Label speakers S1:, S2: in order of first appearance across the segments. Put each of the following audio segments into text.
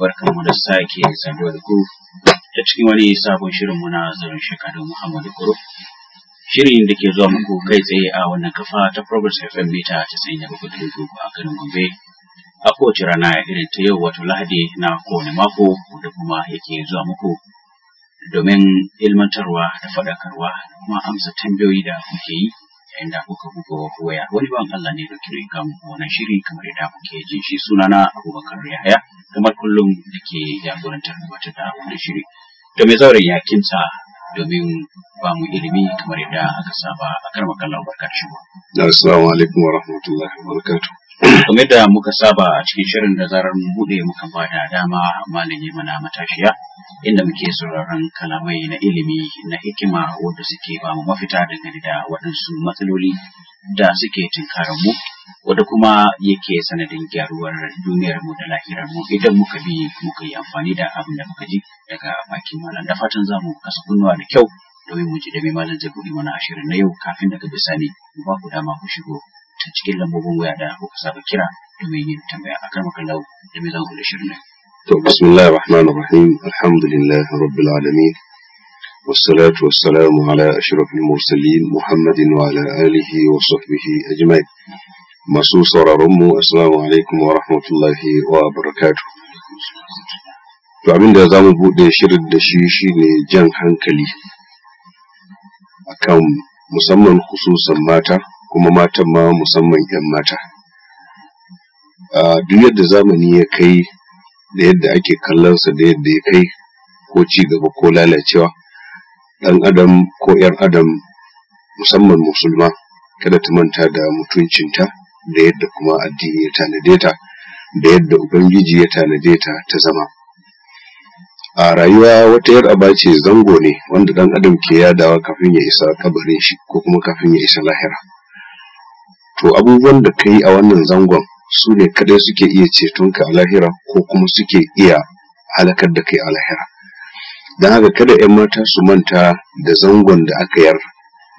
S1: barkanmu da sake saduwa da ku ta cikin wani sabon mu na zarin shekaru Muhammadu Kuro. Shirin da ke zuwa muku kai tsaye a wannan kafa ta Progress FM mita ta sanya muku dubu a garin Gombe. A kowace rana irin ta yau wato Lahadi na kowane mako da kuma yake zuwa muku domin ilmantarwa da faɗakarwa da kuma amsa tambayoyi da kuke yi yayin da kuka buga waya wani ban Allah ne da kiri ka muku wannan shiri kamar yadda kuke jin shi sunana Abubakar Yahaya kamar kullum da ke jagorantar wata da wannan shiri to me zauren ya sa domin ba mu ilimi kamar yadda aka saba a karmakan lau barka da Assalamu alaikum wa rahmatullahi wa barakatuh. kamar da muka saba a cikin shirin da zarar mun bude muka bada dama malami mana matashiya inda muke sauraron kalamai na ilimi na hikima wanda suke ba mu mafita daga da waɗansu matsaloli da suke tunkarar mu wanda kuma yake sanadin gyaruwar duniyar mu da lahirar mu idan muka bi muka yi amfani da abin da muka ji daga bakin malam da fatan za mu kasa kunnuwa da kyau domin mu ji da mai malam zai buɗe mana ashirin na yau kafin daga bisani mu ba ku dama ku shigo ta cikin lambobin waya da kuka saba kira domin yin tambaya a kan makallau da mai zaku da shirin nan.
S2: To bismillahir rahmanir rahim alhamdulillahi rabbil alamin والصلاة والسلام على أشرف المرسلين محمد وعلى آله وصحبه أجمعين masu sauraronmu assalamu alaikum wa rahmatullahi wa barakatu to da za mu buɗe shirin da shi shine jan hankali akan musamman hususan mata kuma matan ma musamman 'yan mata A duk yadda zamani ya kai da yadda ake kallonsa da yadda ya kai ko ci gaba ko lalacewa ɗan adam ko 'yan adam musamman musulma kada ta manta da mutuncinta da yadda kuma addini ya tanade ta da yadda ubangiji ya tanade ta ta zama a rayuwa wata yar aba ce zango ne wanda ɗan adam ke yadawa kafin ya isa kabarin shi ko kuma kafin ya isa lahira to abubuwan da ka yi a wannan zangon su ne kadai suke iya cetonka a lahira ko kuma suke iya halakar da kai a lahira don haka kada 'yan mata su manta da zangon da aka yar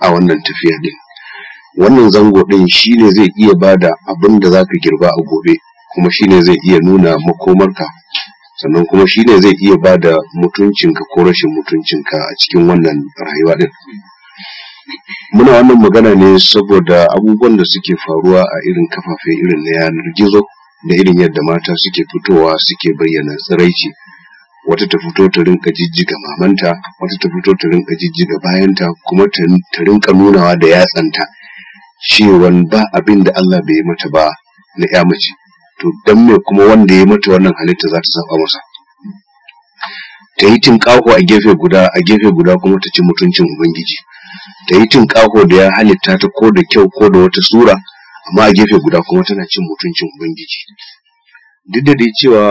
S2: a wannan tafiya din wannan zango din shine zai iya bada abin da zaka girba a gobe kuma shine zai iya nuna makomarka sannan kuma shine zai iya ba da mutuncinka ko rashin mutuncinka a cikin wannan rayuwa din muna wannan magana ne saboda abubuwan da suke faruwa a irin kafafe irin na yanar gizo da irin yadda mata suke fitowa suke bayyana tsiraici wata ta fito ta rinka jijjiga mamanta wata ta fito ta rinka jijjiga bayanta kuma ta rinka nunawa da yatsanta cewan ba abin da Allah bai yi mata ba na ya mace to dan me kuma wanda ya mata wannan halitta za ta saba masa ta yi tinkaho a gefe guda a gefe guda kuma ta ci mutuncin ubangiji ta yi tinƙaho da ya halitta ta ko da kyau ko da wata sura amma a gefe guda kuma tana cin mutuncin ubangiji duk da dai cewa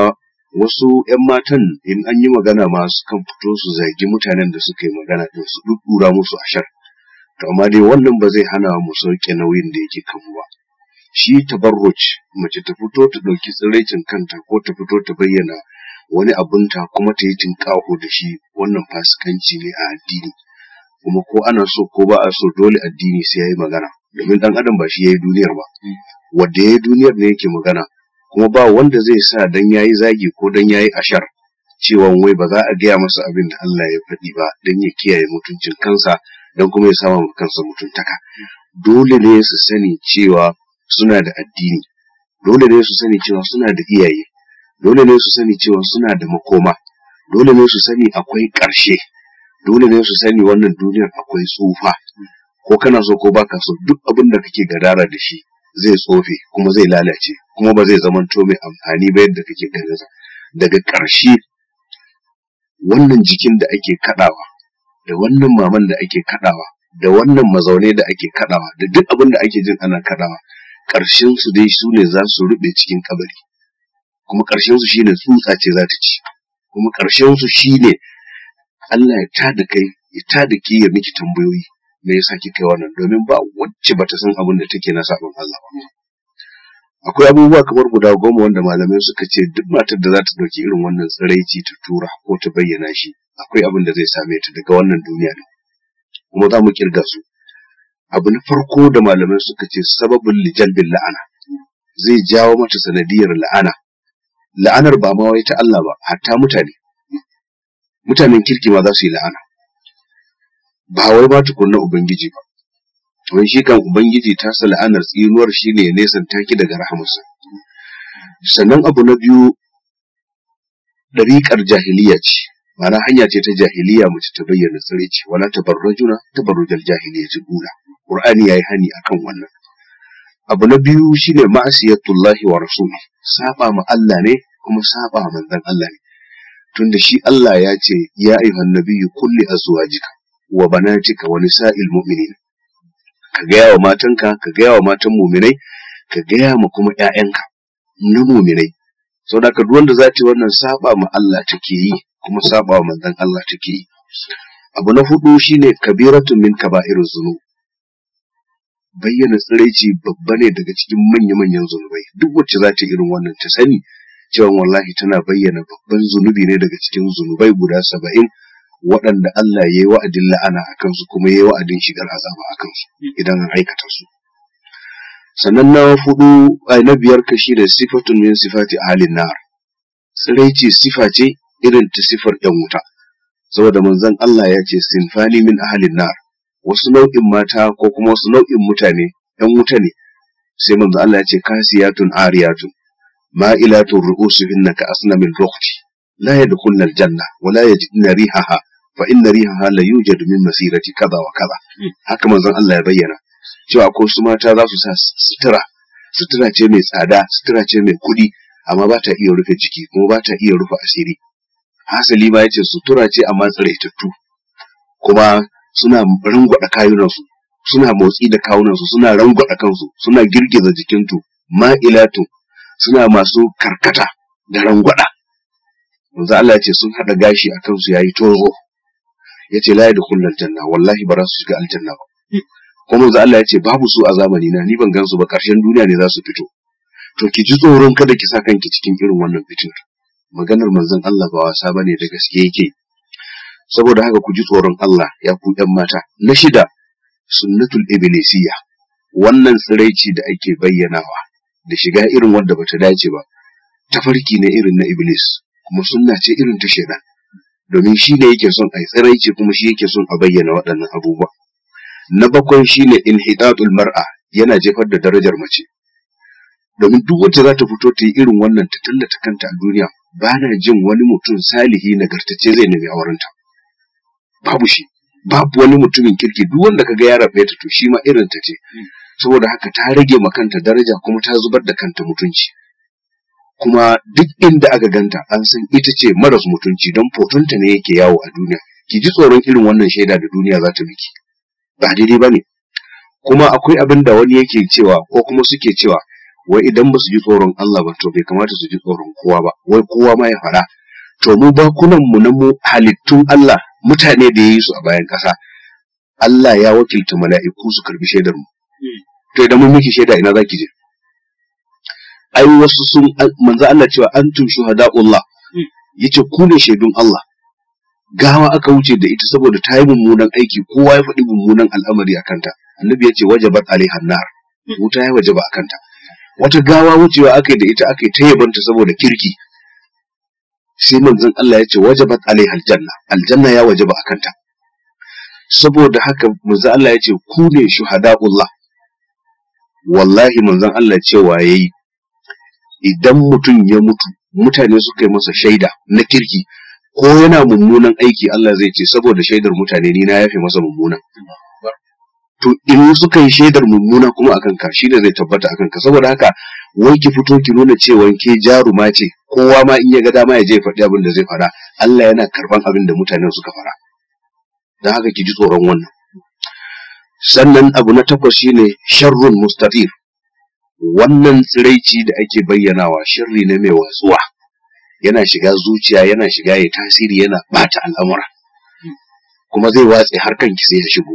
S2: wasu 'yan matan in an yi magana ma kan fito su zagi mutanen da suka yi magana din su ɗuɗɗura musu ashar to amma dai wannan ba zai hana mu sauke nauyin da yake kanmu ba shi tabarruc mace ta fito ta ɗauki tsiraicin kanta ko ta fito ta bayyana wani abunta kuma ta yi tinƙaho da shi wannan fasikanci ne a addini kuma ko ana so ko ba a so dole addini sai yayi magana domin dan adam ba shi yayi duniyar ba hmm. wanda yayi duniyar ne yake magana kuma ba wanda zai sa dan yayi zagi ko dan yayi ashar cewa wai ba za a gaya masa abin da Allah ya faɗi ba dan ya kiyaye mutuncin kansa dan kuma ya samu kansa mutuntaka dole ne su sani cewa suna da addini dole ne su sani cewa suna da iyaye dole ne su sani cewa suna da makoma dole ne su sani akwai ƙarshe dole ne su sani wannan duniyar akwai tsufa ko kana so ko baka so duk abin da kake gadara da shi zai tsofe kuma zai lalace kuma ba zai zamanto mai amfani ba yadda kake ganin daga ƙarshe wannan jikin da ake kaɗawa, da wannan maman da ake kaɗawa, da wannan mazaune da ake kaɗawa, da duk abin da ake jin ana kaɗawa, ƙarshen su dai su ne za su rube cikin kabari kuma ƙarshen su shine tsutsa ce za ta ci kuma ƙarshen su shine Allah ya da kai ya ya miki tambayoyi me yasa kika yi wannan domin ba wacce bata san abin da take na sabon Allah ba akwai abubuwa kamar guda goma wanda malamai suka ce duk matar da za ta dauki irin wannan tsiraici ta tura ko ta bayyana shi akwai abin da zai same ta daga wannan duniya ne kuma za mu kirga su abu na farko da malamai suka ce sababin lijalbin la'ana zai jawo mata sanadiyar la'ana la'anar ba ma wai ta Allah ba hatta mutane mutanen kirki ma za su yi la'ana ba wai ba tukunna ubangiji ba wani shi kan ubangiji ta sa la'anar tsinuwar shi ne nesan taki daga rahamarsa sannan abu na biyu dariƙar jahiliya ce ma'ana hanya ce ta jahiliya mace ta bayyana tsare ce wala tabarrajuna tabarrujal jahiliya ce gula qur'ani yayi hani akan wannan abu na biyu shine ma'asiyatullahi wa rasuli saba ma Allah ne kuma saba manzon Allah ne tunda shi Allah ya ce ya ayyuhan nabiyyu kulli azwajika wa banatika wa nisa'il mu'minin ka gaya wa matanka ka gaya wa matan mu'minai ka gaya ma kuma ƴaƴanka na mu'minai saboda duk wanda za ta wannan saba ma Allah take yi kuma saba wa manzon Allah take yi abu na hudu shine kabiratun min kaba'iruz zunub bayyana tsiraici babba ne daga cikin manya-manyan zunubai duk wacce za ta irin wannan ta sani cewa wallahi tana bayyana babban zunubi ne daga cikin zunubai guda saba'in waɗanda Allah ya yi wa'adin la'ana a kansu kuma ya yi wa'adin shigar azaba a kansu idan an aikata su. Sannan na fudu ai na biyar kashi da sifatun min sifati halin na'ar? nar. ce sifa ce irin ta sifar ‘yan wuta, saboda manzon Allah ya ce sinfani min halin na'ar, Wasu nau'in mata ko kuma wasu nau'in mutane ‘yan wuta ne, sai manzon Allah ya ce kasiyatun ariyatun ma'ilatun ru'usuhinna ka asnamin rukhti la yadkhulna aljanna wa la yajidna rihaha fa inna rihaha la yujadu min masirati kaza wa kaza hmm. haka manzon Allah ya bayyana cewa ko su mata za su sa sutura ce mai tsada sutura ce mai kuɗi amma ba ta iya rufe jiki kuma ba ta iya rufe asiri hasali ma yace sutura ce amma tsiraitattu kuma suna rangwada kayunansu suna motsi da kawunansu suna rangwada kansu suna girgiza jikintu ma'ilatun suna masu karkata da rangwada manzo Allah ya ce sun hada gashi a kansu yayi tozo yace la yadkhulul aljanna wallahi ba za su shiga aljanna ba kuma manzo Allah ya ce babu su a zamani na ni ban gansu ba karshen duniya ne za su fito to ki ji tsoron kada ki sa kanki cikin irin wannan fitir maganar manzon Allah ba wasa bane da gaske yake saboda haka ku ji tsoron Allah ya ku 'yan mata na shida sunnatul iblisiyya wannan tsiraici da ake bayyanawa da shiga irin wanda bata dace ba tafarki na irin na iblis kuma sunna ce irin ta shaidan domin shi ne yake son a yi tsiraici kuma shi yake son a bayyana waɗannan abubuwa na bakwai shine inhitatul mar'a yana jefar da darajar mace domin duk wacce za ta fito ta yi irin wannan ta tallata kanta a duniya ba na jin wani mutum salihi nagartacce zai nemi aurenta babu shi babu wani mutumin kirki duk wanda kaga ya rabe ta to shi ma irin ta ce saboda haka ta rage ma kanta daraja kuma ta zubar da kanta mutunci kuma duk inda aka ganta an san ita ce maras mutunci don fotonta ne yake yawo a duniya ki ji tsoron irin wannan shaida da duniya za ta miki ba daidai ba ne kuma akwai abin da wani yake cewa ko kuma suke cewa wai idan ba su ji tsoron Allah ba to bai kamata su ji tsoron kowa ba wai kowa ma ya fara to mu bakunan mu na mu halittun Allah mutane da ya yi su a bayan kasa. Allah ya wakilta mala'iku su karbi shaidar mu hmm. to idan mun miki shaida ina zaki je ai wasu sun manzo Allah cewa antum shuhadaullah hmm. yace ku ne shaidun Allah gawa aka wuce da ita saboda ta yi mummunan aiki kowa ya faɗi mummunan al'amari a kanta annabi ya ce wajabat alaiha nar hmm. wuta ya wajaba a kanta wata gawa wucewa aka yi da ita aka yi ta yabanta saboda kirki sai manzon Allah ya ce wajabat alaiha aljanna aljanna ya wajaba a kanta saboda haka manzon Allah ya ce ku ne shuhadaullah wallahi manzon Allah cewa yayi idan mutum ya mutu mutane suka yi masa shaida na kirki ko yana mummunan aiki Allah zai ce saboda shaidar mutane ni na yafe masa mummunan to in suka yi shaidar mummuna kuma akan ka shine zai tabbata akan ka saboda haka wai ki fito ki nuna cewa ke jaruma ce kowa ma in ya ga dama ya je faɗi abin da zai faɗa Allah yana karban abin da mutane suka fara don haka ki ji tsoron wannan sannan abu na takwas shine sharrun mustatir wannan tsiraici da ake bayyanawa shirri ne mai watsuwa yana shiga zuciya yana shiga ya tasiri yana bata al'amura kuma zai watse har kisa ya shigo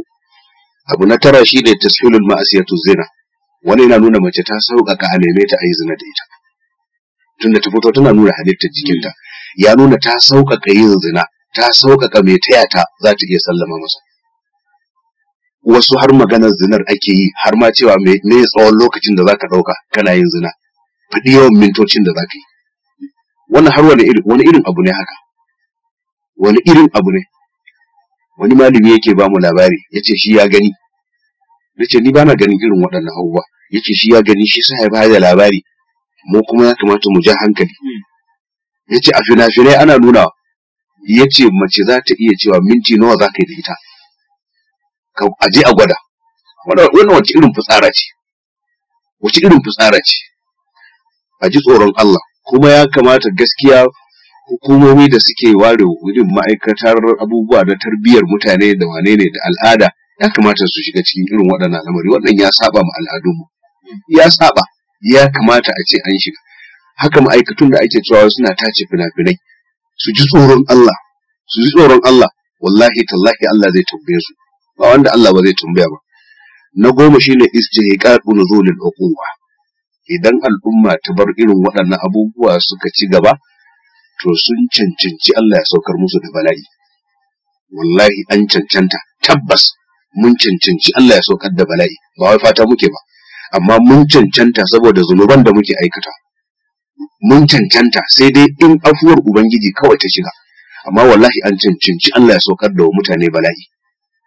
S2: abu na tara shine tashilul ma'asiyatu zina wani yana nuna mace ta sauƙaƙa a neme ta a zina da ita tunda ta fito tana nuna halittar jikinta ya nuna ta sauƙaƙa yin zina ta sauƙaƙa mai taya ta za ta iya sallama masa wasu har maganar zinar ake yi har ma cewa me tsawon lokacin da zaka dauka kana yin zina faɗi yawan mintocin da zaka yi wannan har wani irin wani irin abu ne haka wani irin abu ne wani malami yake ba mu labari yace shi ya gani nace ni bana ganin irin waɗannan abubuwa yace shi ya gani shi sai ya da labari mu kuma ya kamata mu ja hankali yace a fina-finai ana nuna yace mace za ta iya cewa minti nawa za ka yi da ita a je a gwada wannan wace irin fitsara ce wace irin fitsara ce a ji tsoron Allah kuma ya kamata gaskiya hukumomi da suke ware wurin ma'aikatar abubuwa na tarbiyyar mutane da wane ne da al'ada ya kamata su shiga cikin irin waɗannan lamari wannan ya saba ma mu ya saba ya kamata a ce an shiga haka ma'aikatun da ake cewa suna tace fina-finai su ji tsoron Allah su ji tsoron Allah wallahi tallahi Allah zai tambaye su ba wanda Allah ba zai tambaya ba na goma shine istihqaqu nuzulil uquwa idan al'umma ta bar irin waɗannan abubuwa suka ci gaba to sun cancanci Allah ya saukar musu da bala'i wallahi an cancanta tabbas mun cancanci Allah ya saukar da bala'i ba wai fata muke ba amma mun cancanta saboda zunuban da muke aikata mun cancanta sai dai in afuwar ubangiji kawai ta shiga amma wallahi an cancanci Allah ya saukar da mutane bala'i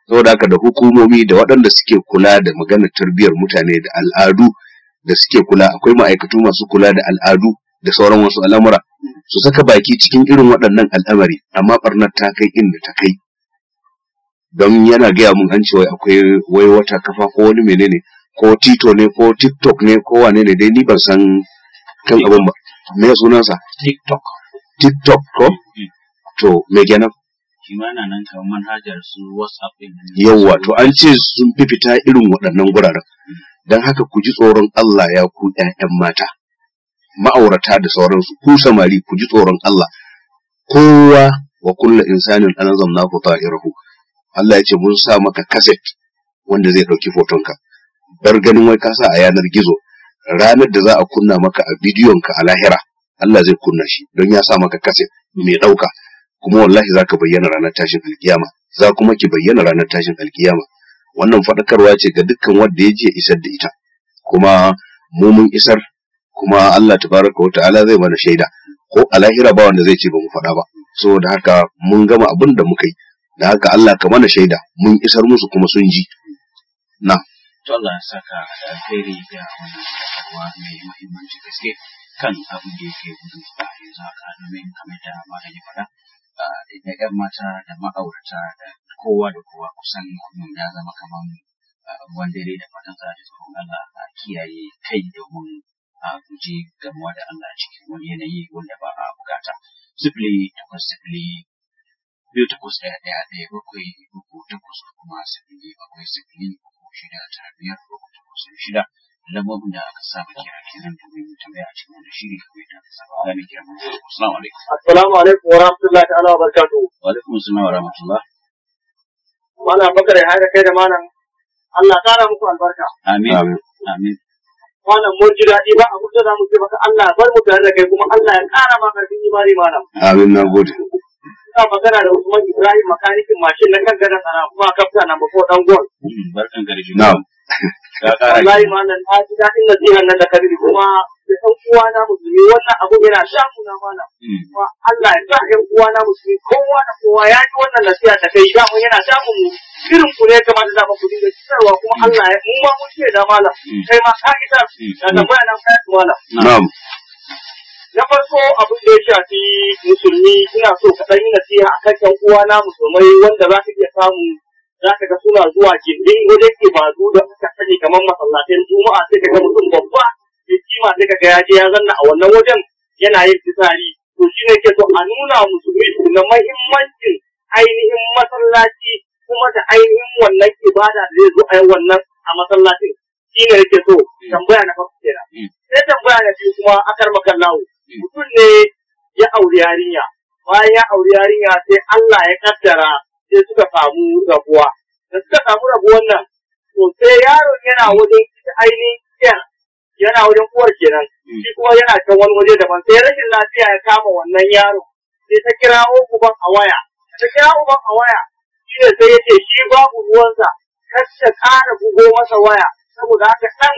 S2: saboda haka da hukumomi da waɗanda suke kula da maganar tarbiyyar mutane da al'adu da suke kula akwai ma'aikatu masu kula da al'adu da sauran wasu al'amura su saka baki cikin irin waɗannan al'amari amma barnar ta kai inda ta kai don yana gaya mun an cewa akwai wai wata kafa ko wani menene ko tito ne ko tiktok ne ko wane ne dai ni ban san kan abin ba me sunansa tiktok tiktok ko mm. to me kenan yauwa to an ce sun fi fita irin waɗannan guraren don haka ku ji tsoron Allah ya ku ‘ya'yan mata ma'aurata da sauransu ku samari ku ji tsoron Allah kowa wa kulla insanin zan zamna ku ta'irahu Allah ya ce mun sa maka kaset wanda zai ɗauki fotonka bar ganin wai kasa a yanar gizo ranar da za a kunna maka a bidiyonka a lahira Allah zai kunna shi don ya sa maka kaset mai ɗauka kuma wallahi zaka bayyana ranar tashin alkiyama za kuma ki bayyana ranar tashin alkiyama wannan faɗakarwa ce ga dukkan wanda ya je isar da ita kuma mu mun isar kuma Allah tabaraka wa ta'ala zai mana shaida ko a lahira ba wanda zai ce ba mu faɗa ba saboda haka mun gama abin da muka yi da haka Allah ka mana shaida mun isar musu kuma sun ji na
S1: to Allah ya saka alheri da wannan fadakarwa mai muhimmanci gaske kan abin da yake gudu a yanzu haka domin kamar da malam faɗa da ‘yan mata da ma'aurata da kowa da kowa kusan abin da zama kamar ah, ruwan dare da fatan za ta tsoron Allah a kiyaye kai domin a guje gamuwa da Allah cikin wani yanayi wanda ba a bukata. Sifili takwas sifili biyu takwas ɗaya ɗaya ɗaya bakwai uku takwas kuma sifili bakwai sifili uku shida tara biyar uku takwas shida. lambobin da aka saba kira kenan domin mu tambaya a cikin wannan shiri kamar yadda aka saba ana mai kira mu assalamu alaikum
S3: assalamu alaikum wa rahmatullahi ta'ala wa barakatuh wa
S1: alaikum assalam wa rahmatullah
S3: mana bakar ya haɗa kai da malam Allah kara muku albarka
S1: amin amin
S3: malam mun ji daɗi ba abin da za mu ce maka Allah bar mu tare da kai kuma Allah ya ƙara maka karfin imani malam
S1: amin na gode
S3: ka magana da Usman Ibrahim makanikin mashin na kan gada sana kuma kafta na bako dan gol.
S1: Hmm, barkan gari shi. Na'am. Wallahi malam
S3: na ji daɗin nasiha nan da kabiri kuma da ɗan uwa na musulmi wannan abu yana shafu na malam. Hmm. Kuma Allah ya sa ɗan uwa na musulmi kowa da kowa ya ji wannan nasiha ta kai shafu yana shafu mu. Irin ku ne ya kamata da ku dinga cikarwa kuma hmm. Allah ya mu ma mun ce da malam. Kai ma ka isa da tambaya na kai malam. Na'am. na farko abin da ya shafi musulmi ina so ka ɗan yi nasiha kan ƴan uwana musulmai wanda za ka iya samu za ka ga suna zuwa gindin wajen zu da aka sani kamar masallacin juma'a sai ka ga mutum babba ya kima sai ka ga yaje ya zanna a wannan wajen yana yin fitsari to shi ne ke so a nuna musulmi na mahimmancin ainihin masallaci kuma da ainihin wannan ibada da zai zo a wannan a masallacin shi ne ke so mm. tambaya na farko kenan mm. sai tambaya na biyu kuma akar makallawo mutum ne ya auri yarinya bayan ya auri yarinya sai Allah ya kaddara sai suka samu rabuwa da suka samu rabuwan nan to sai yaron yana wajen ita ainihin yana wajen uwar kenan hmm. shi kuma yana can wani waje daban sai rashin lafiya ya kama wannan yaron. sai ta kirawo uban a waya ta kira uban a waya shi ne sai yace shi babu ruwansa kar ta ƙara bugo masa waya saboda haka ɗan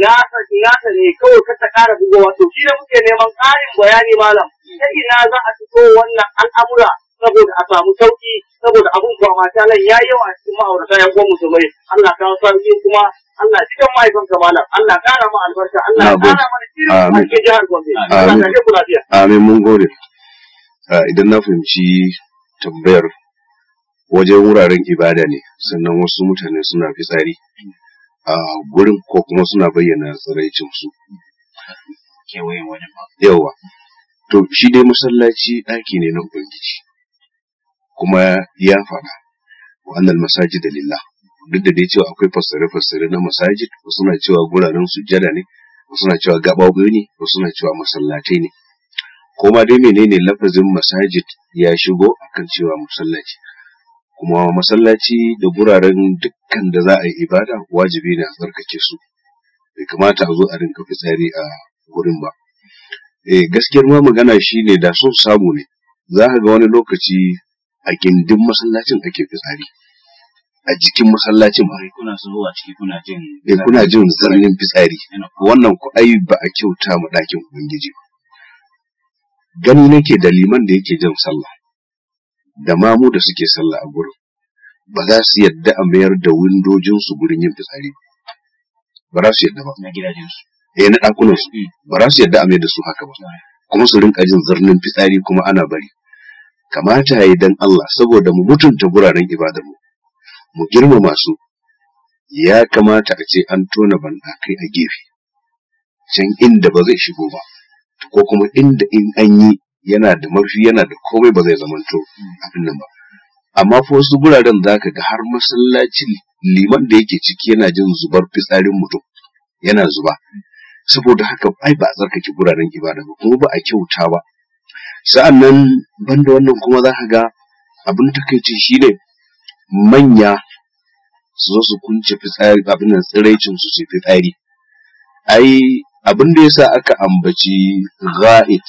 S3: nasa ne kawai ka ta kara buga to shi da muke neman ƙarin bayani malam ta ina za a fito wannan al'amura saboda a samu sauki saboda abun ba mata nan yayi yawa a cikin ma'aurata ya kuma musulmai Allah ka sauki kuma Allah cikin mahaifan malam Allah ƙara ma albarka Allah ƙara mana shirin a cikin jihar Gombe Allah ka kula lafiya
S2: amin mun gode ah, idan na fahimci tambayar wajen wuraren ibada ne sannan wasu mutane suna fitsari a gurin ko kuma suna bayyana tsiraicinsu kewayen wani ba yawa to shi dai masallaci ɗaki ne na ubangiji kuma ya faɗa wannan da lilla duk da dai cewa akwai fassare-fassare na masaji wasu suna cewa guraren sujjada ne wasu suna cewa gaɓaɓe ne wasu suna cewa masallatai ne Koma dai menene lafazin masajid ya shigo akan cewa masallaci kuma masallaci da guraren dukkan da za a yi ibada wajibi ne a tsarkake su bai kamata a zo a rinka fitsari a wurin ba eh gaskiyar ma magana shine da so samu ne za ka ga wani lokaci a gindin masallacin ake fitsari a jikin masallacin ba eh, kuna so a ciki kuna jin eh kuna jin zarnin fitsari wannan ku ai ba a kyauta mu dakin ubangiji gani nake da liman da yake jan sallah da mamu da suke sallah a gurin ba za su yadda a mayar da windojinsu gurin yin fitsari ba za su yadda ba na gidajensu eh na ɗakunansu mm. ba za su yadda a mayar da su haka ba kuma su rinka jin zarnin fitsari kuma ana bari kamata ya yi dan Allah saboda mu mutunta guraren ibadar mu mu girmama su ya kamata a ce an tona banɗakai a gefe can inda ba zai shigo ba ko kuma inda in an yi yana da marfi yana da komai ba zai zamanto abin nan ba amma fa wasu guraren za ka ga har masallacin liman da yake ciki yana jin zubar fitsarin mutum yana zuba saboda haka ai ba a tsarkake guraren ibada ba kuma ba a kyauta ba Sa'annan, banda wannan kuma za ka ga abin takaici shine manya su zo su kunce fitsari abin nan tsiraicin su su fitsari ai abin da yasa aka ambaci ga'id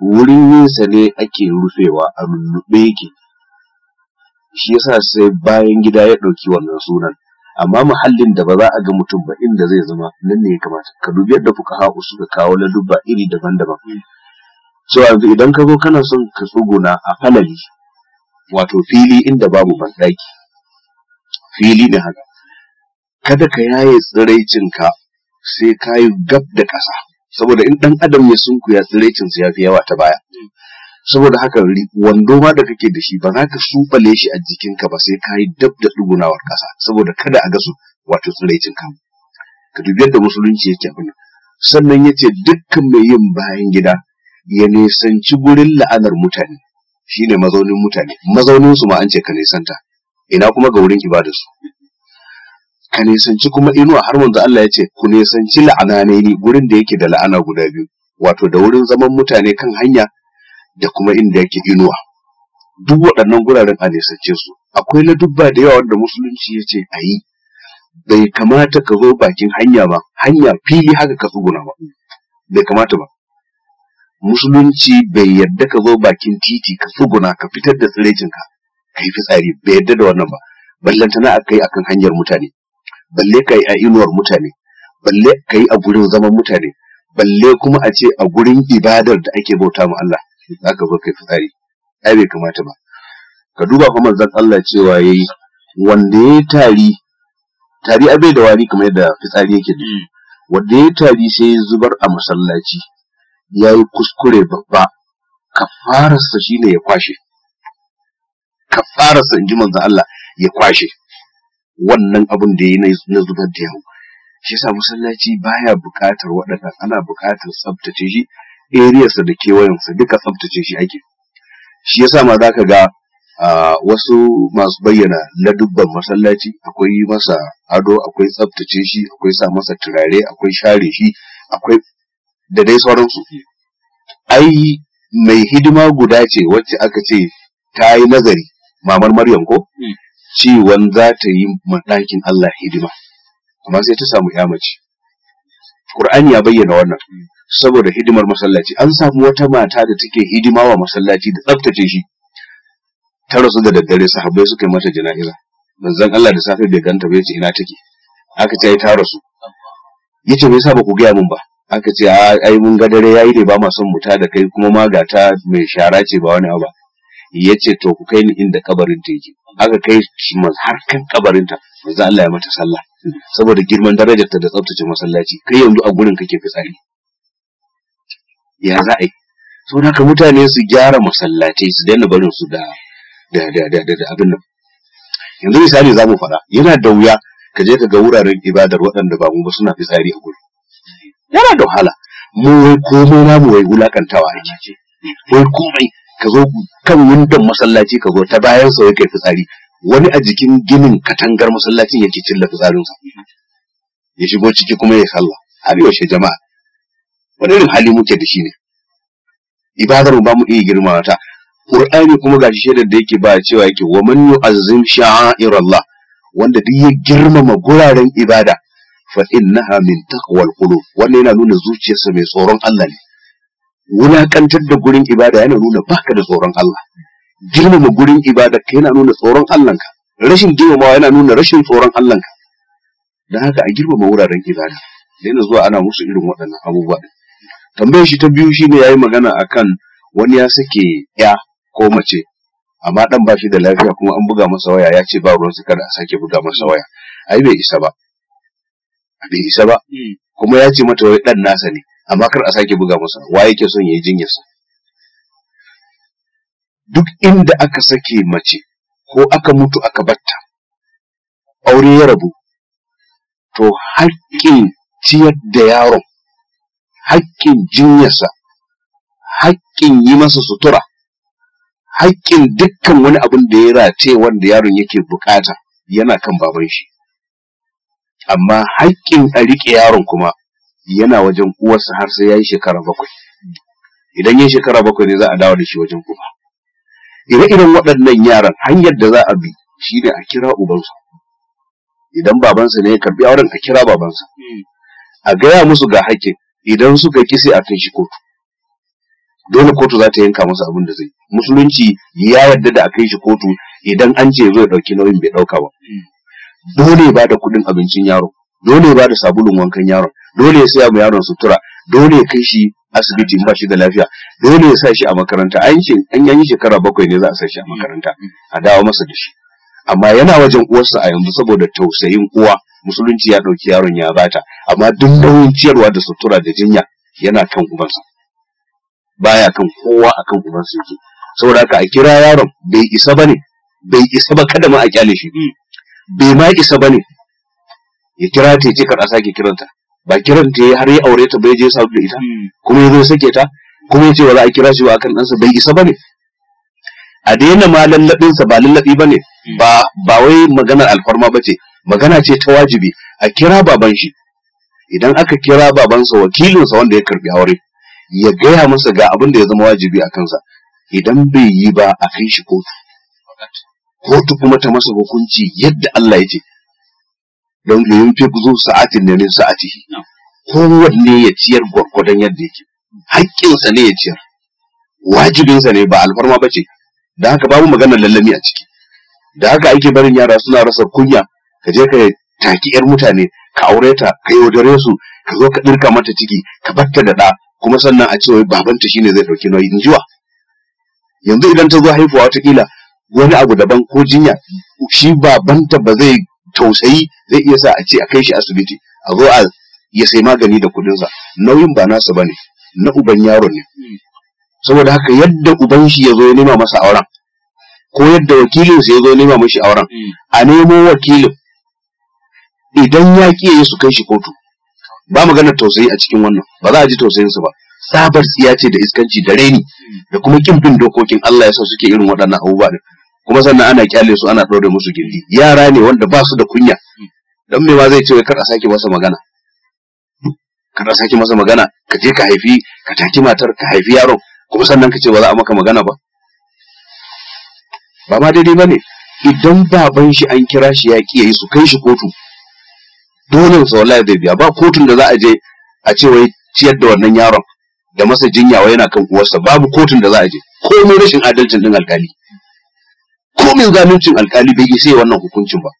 S2: wurin yinsa ne ake rufewa a lullube yake shi yasa sai bayan gida ya ɗauki wannan sunan amma muhallin da ba za a ga mutum ba inda zai zama nan ne ya kamata ka dubi yadda fuka suka kawo ladubba iri daban-daban hmm. so yanzu idan ka zo kana son ka tsuguna a falali wato fili inda babu banɗaki fili ne haka kada ka yaye tsiraicinka sai ka yi gab da ƙasa saboda in dan adam ya sunkuya tsirecin ya fi yawa ta baya saboda haka wando ma da kake da shi ba za ka sufale shi a jikinka ba sai ka yi dab da dugunawar kasa saboda kada a gasu wato tsirecin ka ka dubi yadda musulunci yake abin sannan ya ce dukkan mai yin bayan gida ya nisanci gurin la'anar mutane shine mazaunin mutane Mazauninsu su ma an ce ka nisanta ina kuma ga wurin ibadarsu ka nisanci kuma inuwa har manzo Allah ya ce ku nisanci ni gurin da yake da la'ana guda biyu wato da wurin zaman mutane kan hanya da kuma inda yake inuwa duk waɗannan guraren a nisance su akwai na dubba da yawa wanda musulunci ya ce a yi bai kamata ka zo bakin hanya ba hanya fili haka ka tsuguna ba bai kamata ba musulunci bai yarda ka zo bakin titi ka tsuguna ka fitar da tsirecinka ka yi fitsari bai yarda da wannan ba ballantana a kai akan hanyar mutane balle ka yi a inuwar mutane balle ka yi a gurin zaman mutane balle kuma a ce a gurin ibadar da ake bauta ma Allah za ka zo kai fitsari ai bai kamata ba ka duba kuma zan Allah cewa yayi wanda ya tari tari abai da wari kamar yadda fitsari yake da mm. wanda ya tari sai zubar a masallaci ya yi kuskure babba kafararsa shine ya kwashe kafararsa in ji manzon Allah ya kwashe wannan abin da ya na zubar da yawa shi yasa masallaci baya buƙatar waɗannan ana buƙatar tsabtace shi eriyarsa da kewayensa duka tsabtace shi ake shi yasa ma za ka ga wasu masu bayyana na dubban masallaci akwai masa ado akwai tsabtace shi akwai sa masa turare akwai share shi akwai da dai sauransu ai mai hidima guda ce wacce aka ce ta yi nazari mamar maryam ko hmm. cewan za ta yi maɗakin Allah hidima amma sai ta samu ya mace Qur'ani ya bayyana wannan saboda hidimar masallaci an samu wata mata da take hidima wa masallaci da tsaftace shi ta rasu da daddare sahabbai suka yi mata jana'iza manzon Allah da safe bai ganta bai, ce ina take aka ce ta rasu yace ce yasa ba ku gaya min ba aka ce ai mun ga dare yayi ne ba ma son muta da kai kuma ma gata mai shara ce ba wani abu ya ce to ku kai ni inda kabarin ta yake aka kai har kan kabarin ta manzo Allah ya mata sallah saboda girman darajar ta da tsabtace masallaci kai yanzu a gurin kake fitsari ya za a yi so haka mutane su gyara masallatai su daina barin su da da da da da abin nan yanzu misali za mu faɗa yana da wuya ka je ka ga wuraren ibadar waɗanda ba mu ba suna fitsari a gurin yana da wahala mu wai komai na mu wai wulakantawa ake wai komai ka zo kan windon masallaci ka zo ta bayan sa kai fitsari wani a jikin ginin katangar masallacin yake cilla fitsarinsa ya shigo ciki kuma ya salla har yaushe jama'a wani irin hali muke da shi ne ibadar ba mu iya girmama ta qur'ani kuma gashi shi da yake ba cewa yake wa man yu'azzim Allah wanda duk ya girmama guraren ibada fa innaha min taqwal qulub wannan yana nuna zuciyarsa mai tsoron Allah ne wulakantar da gurin ibada yana nuna baka da tsoron Allah girmama gurin ibada ka yana nuna tsoron Allah ka rashin girmamawa yana nuna rashin tsoron Allah ka dan haka a girmama wuraren ibada daina zuwa ana musu irin waɗannan abubuwa tambayar shi ta biyu shine yayi magana akan wani ya sake ya ko mace amma dan ba shi da lafiya kuma an buga masa waya ya ce ba ruwan su kada a sake buga masa waya ai bai isa ba bai isa ba hmm. kuma ya ce mata wai dan nasa ne amma kar a sake buga masa wa yake son ya yi jinyarsa duk inda aka sake mace
S1: ko aka mutu aka batta aure ya rabu to
S2: haƙƙin ciyar da yaron haƙƙin jinyarsa haƙƙin yi masa sutura haƙƙin dukkan wani abin da ya race wanda yaron yake bukata yana kan baban shi amma haƙƙin a riƙe yaron kuma yana wajen uwarsa har sai ya yi shekara bakwai idan ya shekara bakwai ne za a dawo da shi wajen uba ire-iren waɗannan yaran hanyar da za a bi shi ne a kira ubansa idan babansa ne ya karbi auren a kira babansa a gaya musu ga haƙƙin idan suka ki sai a kai shi kotu dole kotu za ta yanka musu abin da zai musulunci ya yarda da a kai shi kotu idan an ce zo ya ɗauki nauyin bai ɗauka ba dole ya bada kuɗin abincin yaro dole ya bada sabulun wankan yaron dole ya saya ma yaron sutura dole ya kai shi asibiti in ba shi da lafiya dole ya sa shi a makaranta an yi shekara bakwai ne za a sa shi a mm. makaranta a dawo masa da shi amma yana wajen uwarsa a yanzu saboda tausayin uwa musulunci ya ɗauki yaron ya bata amma duk nauyin ciyarwa da sutura da jinya yana kan ubansa baya kan kowa akan ubansa yake saboda haka a kira yaron bai isa bane bai isa ba kada ma a kyale shi mm. bai ma isa ba ne ya kira ta ya ce a sake kiranta ba kiran ta har ya aure ta bai je sadu da ita hmm. kuma ya zo sake ta kuma ya ce ba za a kira shi ba akan ɗansa bai isa ba ne a daina ma lallaɓinsa ba lallaɓi ba ne hmm. ba wai maganar alfarma ba ce magana ce ta wajibi a kira baban shi idan aka kira babansa wakilinsa wanda ya karɓi aure ya gaya masa ga abin da ya zama wajibi a kansa idan bai yi ba a kai shi kotu kotu kuma ta masa hukunci yadda Allah ya ce don ga yin fiku zo sa'atin da min sa'ati kowanne ya ciyar gwargwadon yadda yake haƙƙinsa ne ya ciyar wajibinsa ne ba alfarma ba ce da haka babu magana lallami a ciki da haka ake barin yara suna rasa kunya ka je ka taki yar mutane ka aure ta ka yaudare su ka zo ka ɗirka mata ciki ka batta da ɗa kuma sannan a ce wai babanta shine zai ɗauki nauyin in jiwa yanzu idan ta zo haifuwa watakila wani abu daban ko jinya shi ba banta ba zai tausayi zai iya sa a ce a kai shi asibiti a zo a ya sai magani da kudinsa nauyin ba nasa bane na uban yaron ne saboda haka yadda uban shi ya zo ya nema masa auren ko yadda wakilin sa ya zo nema mashi auren a nemo wakilin idan ya kiyaye su kai shi kotu ba maganar tausayi a cikin wannan ba za a ji tausayin su ba sabar siya ce da iskanci da raini da kuma kin bin dokokin Allah ya sa suke irin waɗannan abubuwa din kuma sannan ana kyale su ana ɗaure musu gindi yara ne wanda ba su da kunya dan me ma zai ce kar a sake masa magana kar a sake masa magana ka je ka haifi ka taki matar ka haifi yaron kuma sannan ka ce ba za a maka magana ba ba ma daidai bane idan baban shi an kira shi ya ki yi su kai shi kotu dole sa wallahi zai biya ba kotun da za a je a ce wai ciyar da wannan yaron Da masa jinya wa yana kan uwarsa babu kotun da za a je komai rashin adalcin din alkali komai zaluncin alkali bai isa wannan hukuncin ba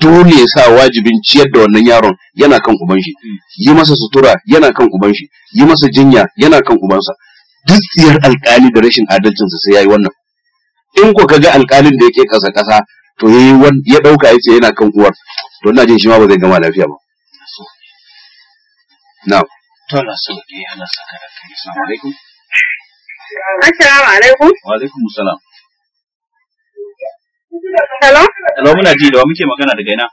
S2: dole ya sa wajibin ciyar da wannan yaron yana kan uban shi yi masa sutura yana kan uban shi yi masa jinya yana kan ubansa duk tsiyar alkali da rashin adalcin sa sai yayi wannan in ko kaga alkalin da yake kasa kasa to ya dauka ya yana kan uwar to ina jin shi ma ba zai gama lafiya ba na'am
S1: tana son ke hana sa karatu assalamu alaikum assalamu alaikum wa alaikum salam hello hello muna ji da wa muke magana daga ina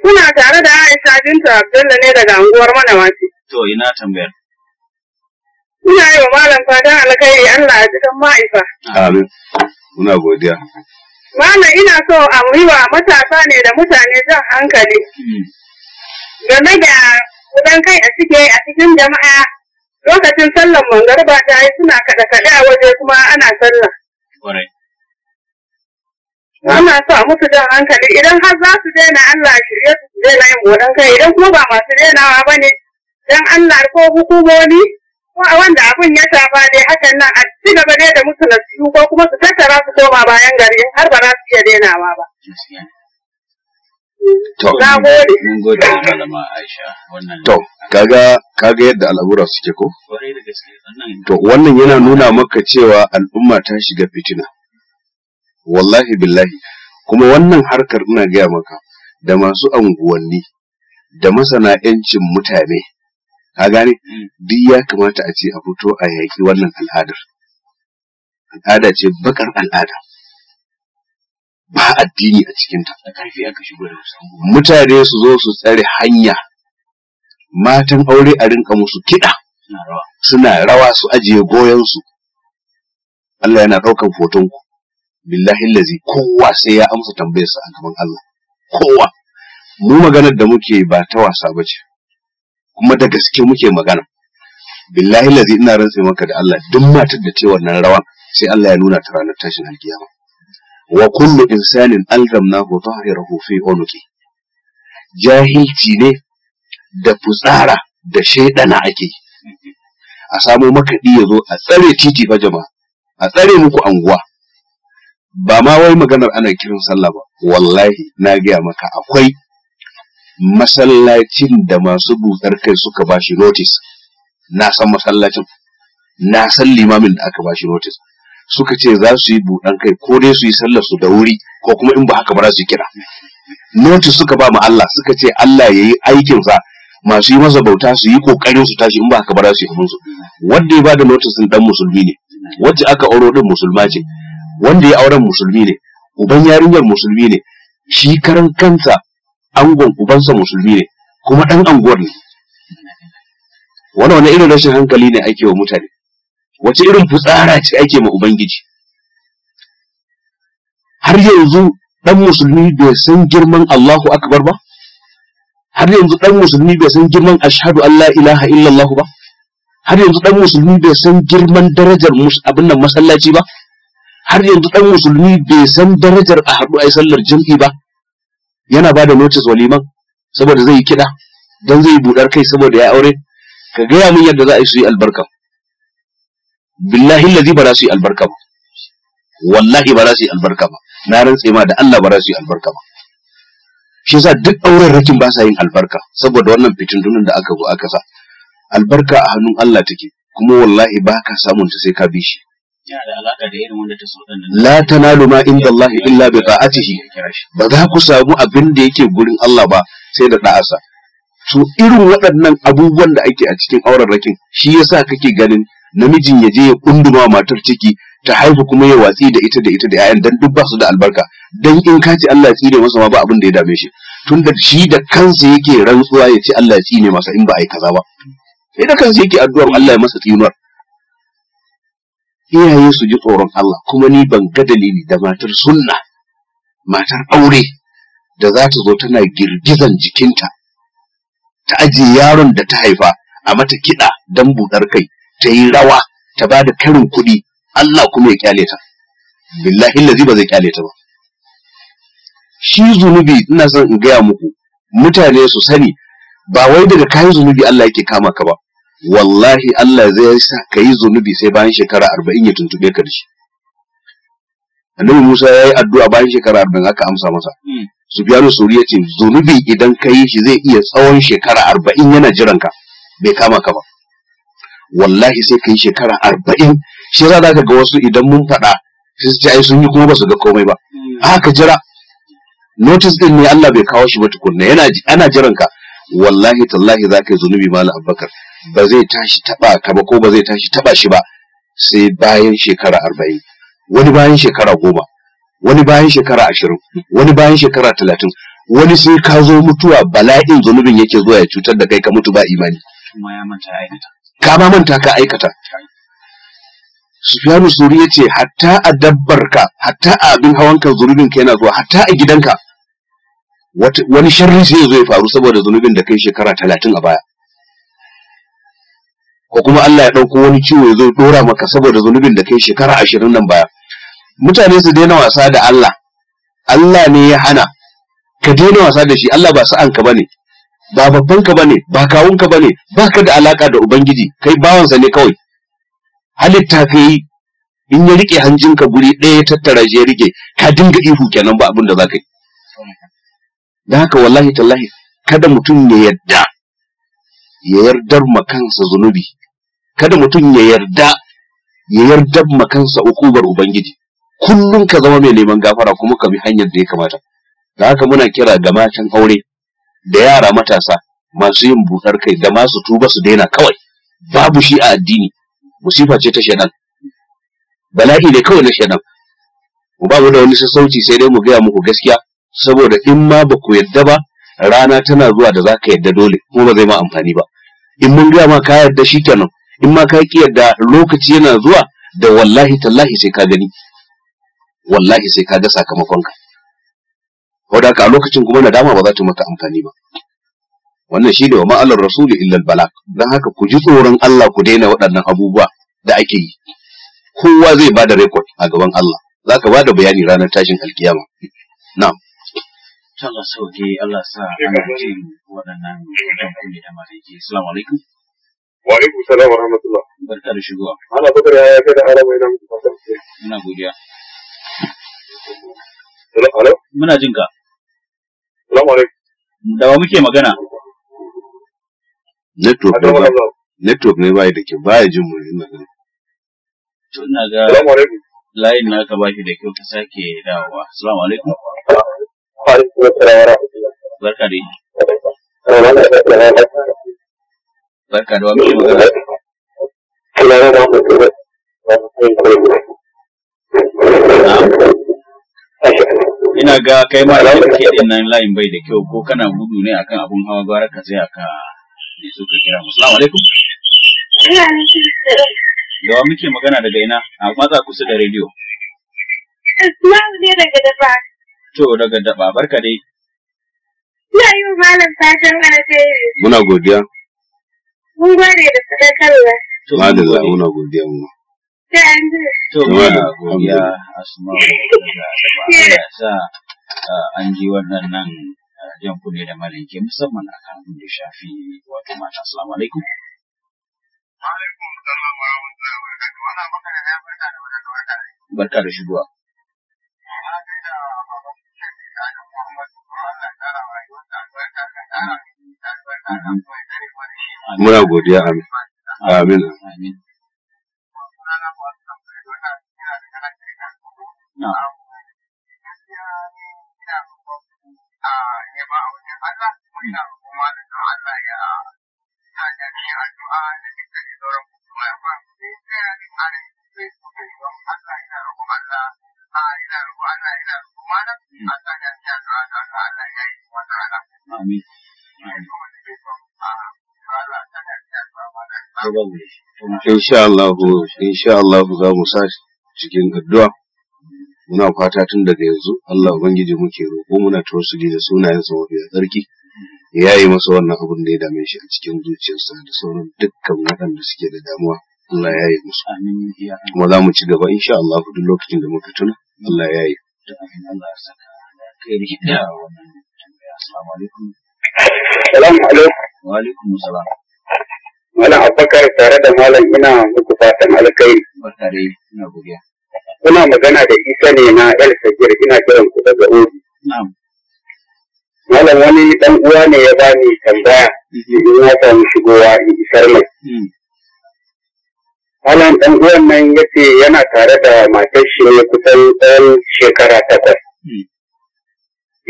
S3: Kuna tare da Aisha Binta Abdullahi ne daga anguwar Manawaki.
S1: To ina tambayar.
S3: Ina yi wa malam fatan alkhairi Allah ya cikin ma'aifa.
S2: Amin. Muna godiya.
S3: Malam ina so a yi wa matasa ne da mutane jan hankali. Hmm. Game da wajen kai a suke a cikin jama'a lokacin sallan ba ta yi suna kaɗa kaɗe a waje kuma ana sallah. Ana so a musu jan hankali idan har za su daina Allah shirye su daina yin gudan kai idan kuma ba masu dainawa ba ne dan Allah ko hukumomi ko a wanda abin ya shafa ne hakan nan a ci gaba ne da musu nasihu ko kuma su tattara su koma bayan gari
S1: har ba za su iya dainawa ba.
S2: To, kaga kaga yadda al'amura suke ko? To, wannan yana nuna maka cewa al'umma ta shiga fitina. Wallahi billahi, kuma wannan harkar ina gaya maka da masu anguwanni da masana yancin mutane. Ka gane? Mm. Duk ya kamata a ce a fito a yaƙi wannan al'adar. Al'ada ce bakar al'ada. ba addini a cikin cikinta mutane su zo su tsare hanya matan aure a rinka musu kiɗa suna rawa su ajiye su. Allah yana ɗaukan ku billahi lazi kowa sai ya amsa tambayarsa a gaban Allah kowa mu maganar da muke ba ta wasa ba ce kuma da gaske muke magana billahi lazi ina rantse maka da Allah duk matar da ce wannan rawan sai Allah ya nuna ta ranar tashin alkiyama wa kullu insanin alzamnahu tahirahu fi unuki jahilci ne da fitsara da shaidana ake a samo makaɗi ya zo a tsare titi fa jama'a a tsare muku anguwa ba ma wai maganar ana kiran sallah ba wallahi na gaya maka akwai masallacin da masu busar kai suka bashi notice na san masallacin na san limamin da aka bashi notice suka ce za su yi buɗan kai ko dai su yi sallar su da wuri ko kuma in ba haka ba za su yi kira notice suka ba mu Allah suka ce Allah ya yi aikinsa masu yi masa bauta su yi kokarin su tashi in ba haka ba za su yi su wanda ya bada notice din dan musulmi ne wacce aka auro din musulma ce wanda ya auren musulmi ne uban yarinyar musulmi ne shi karan kansa angon ubansa musulmi ne kuma dan anguwar ne wannan wani irin rashin hankali ne ake wa mutane wace irin fitsara ce ake ma ubangiji har yanzu dan musulmi bai san girman Allahu akbar ba har yanzu dan musulmi bai san girman Ashadu Allah ilaha illallah ba har yanzu dan musulmi bai san girman darajar abin nan masallaci ba har yanzu dan musulmi bai san darajar a haɗu a yi sallar jam'i ba yana ba da notice wa liman saboda zai yi kiɗa don zai buɗar kai saboda ya aure ka gaya min yadda za a yi su yi albarka billahi allazi ba za su yi albarka ba wallahi ba za su yi albarka ba na rantse ma da Allah ba za su yi albarka ba shi yasa duk auren rakin ba sa yin albarka saboda wannan fitintunan da aka zo aka sa albarka a hannun Allah take kuma wallahi ba ka samun ta sai ka bi shi la tanalu ma inda Allah illa bi ta'atihi ba za ku samu abin da yake gurin Allah ba sai da da'asa to irin waɗannan abubuwan da ake a cikin auren rakin shi yasa kake ganin namijin ya je ya kunduma matar ciki ta haihu kuma ya watsi da ita da ita da 'ya'yan dan duk ba su da albarka dan in ka ce Allah ya tsire masa ma ba abin da ya dame shi tunda shi da kansa yake rantsuwa ya ci Allah ya tsine masa in ba a yi kaza ba sai da kansa yake addu'ar Allah ya masa tsinuwar iyaye su ji tsoron Allah kuma ni ban ga dalili da matar sunna matar aure da za ta zo tana girgizan jikinta ta ajiye yaron da ta haifa a mata kiɗa don buɗar kai ta yi rawa ta ba da karin kuɗi Allah kuma ya kyale ta billahi lazi ba zai kyale ta ba shi zunubi ina son in gaya muku mutane su sani ba wai daga kayan zunubi Allah yake kama ka ba wallahi Allah zai sa ka yi zunubi sai bayan shekara arba'in ya tuntube ka da shi annabi Musa ya yi addu'a bayan shekara arba'in aka amsa masa hmm. Sufyanu Suri ya ce zunubi idan ka yi shi zai iya tsawon shekara arba'in yana jiran ka bai kama ka ba wallahi sai ka yi shekara arba'in shi za ka ga wasu idan mun faɗa shi su ai sun yi kuma ba su ga komai ba haka jira notice din ne Allah bai kawo shi ba tukunna yana ana jiran ka wallahi tallahi za ka yi zunubi malam abubakar ba zai tashi taba ka ba ko ba zai tashi taba shi ba sai bayan shekara arba'in wani bayan shekara goma wani bayan shekara ashirin wani bayan shekara talatin wani sai ka zo mutuwa bala'in zunubin yake zuwa ya cutar da kai ka mutu ba imani
S1: kuma ya manta aikata
S2: ka ba manta ka aikata Sufyanu Suri ya ce hatta a dabbar ka, hatta a abin hawanka zunubin ka yana zuwa hatta a gidanka wani sharri sai zo ya faru saboda zunubin da kai shekara talatin a baya ko kuma Allah ya ɗauko wani ciwo ya zo dora maka saboda zunubin da kai shekara ashirin nan baya mutane su daina wasa da Allah Allah ne ya hana ka daina wasa da shi Allah ba sa'anka bane ba babban ka bane ba kawun ka bane ba ka da alaka da ubangiji kai bawansa ne kawai halitta ka yi in ya rike hanjinka guri ɗaya ya tattara shi ya rike ka dinga ihu kenan ba abin da za ka yi da haka wallahi tallahi kada mutum ya yarda ya yardar makansa zunubi kada mutum ya yarda ya yardar makansa ukubar ubangiji kullum ka zama mai neman gafara kuma ka bi hanyar da ya kamata da haka muna kira ga matan aure da yara matasa masu yin butar kai da masu tuba su daina kawai babu shi a addini musifa ce ta shaɗan bala'i ne kawai na shaɗan mu babu da wani sassauci sai dai mu gaya muku gaskiya saboda in ma ba ku yadda ba rana tana zuwa da za ka yadda dole ko ba zai ma amfani ba in mun gaya ma ka yadda shi kenan in ma ka ki yadda lokaci yana zuwa da wallahi tallahi sai ka gani wallahi sai ka ga sakamakonka wadda ka a lokacin kuma nadama ba za ta maka amfani ba wannan shi ne wa ma'alar rasulu illal balak don haka ku ji tsoron Allah ku daina waɗannan abubuwa da ake yi kowa zai ba da rekod a gaban Allah za ka ba da bayani ranar tashin alkiyama na'am
S1: Allah sauke Allah sa ana jin waɗannan kamfani da mareke assalamu alaikum wa alaikum salam wa rahmatullah barka da shigowa ana bakar ya kai da alamai ina mutu fatan ina godiya Hello? Muna jin ka. Da wa muke magana?
S2: Network ne ba. Network ne ba da ke ba ya jin mu ne
S1: To ina ga layin na ka baki da kyau ka sake dawowa. Assalamu alaikum. Barka dai. Barka da wa muke magana? Na'am. ina ga kai ma idan kake din nan layin bai da kyau ko kana gudu ne akan abun hawa gwara ka tsaya ka ne so ka kira mu assalamu alaikum da wa muke magana daga ina a matsa kusa da rediyo
S3: ne daga daba
S1: to daga daba barka dai
S3: ina yi wa malam fatan alheri muna godiya mun gode da sadakarwa
S1: to madalla muna godiya mu Uh, an ji uh, jan da malinke musamman a kan da shafi wato mata. Assalamu alaikum. Barka da shigowa. Muna godiya amin. Amin. Amin. Amin.
S2: insha Allah insha Allah za mu sa cikin addu'a muna fata tun daga yanzu Allah ubangiji muke roƙo muna tawassuli da sunayen sa mafi tsarki ya yi masa wannan
S1: abin da ya dame shi a cikin zuciyarsa da sauran dukkan waɗanda suke da damuwa Allah ya yi musu
S2: kuma za mu ci gaba insha Allah duk lokacin da muka tuna Allah ya yi
S1: Assalamu
S4: alaikum. Wa alaikum salam. Malam Abubakar tare da Malam ina muku fatan alkhairi. Kuna magana da Isa ne na El Sajir ina kiran ku daga Obi. Malam wani dan uwa ne ya bani tambaya mhm. in ya samu shigowa in isar mai. Mhm. Malam dan uwan nan ya ce yana tare da matar shi ne kusan tsawon shekara takwas. Mhm.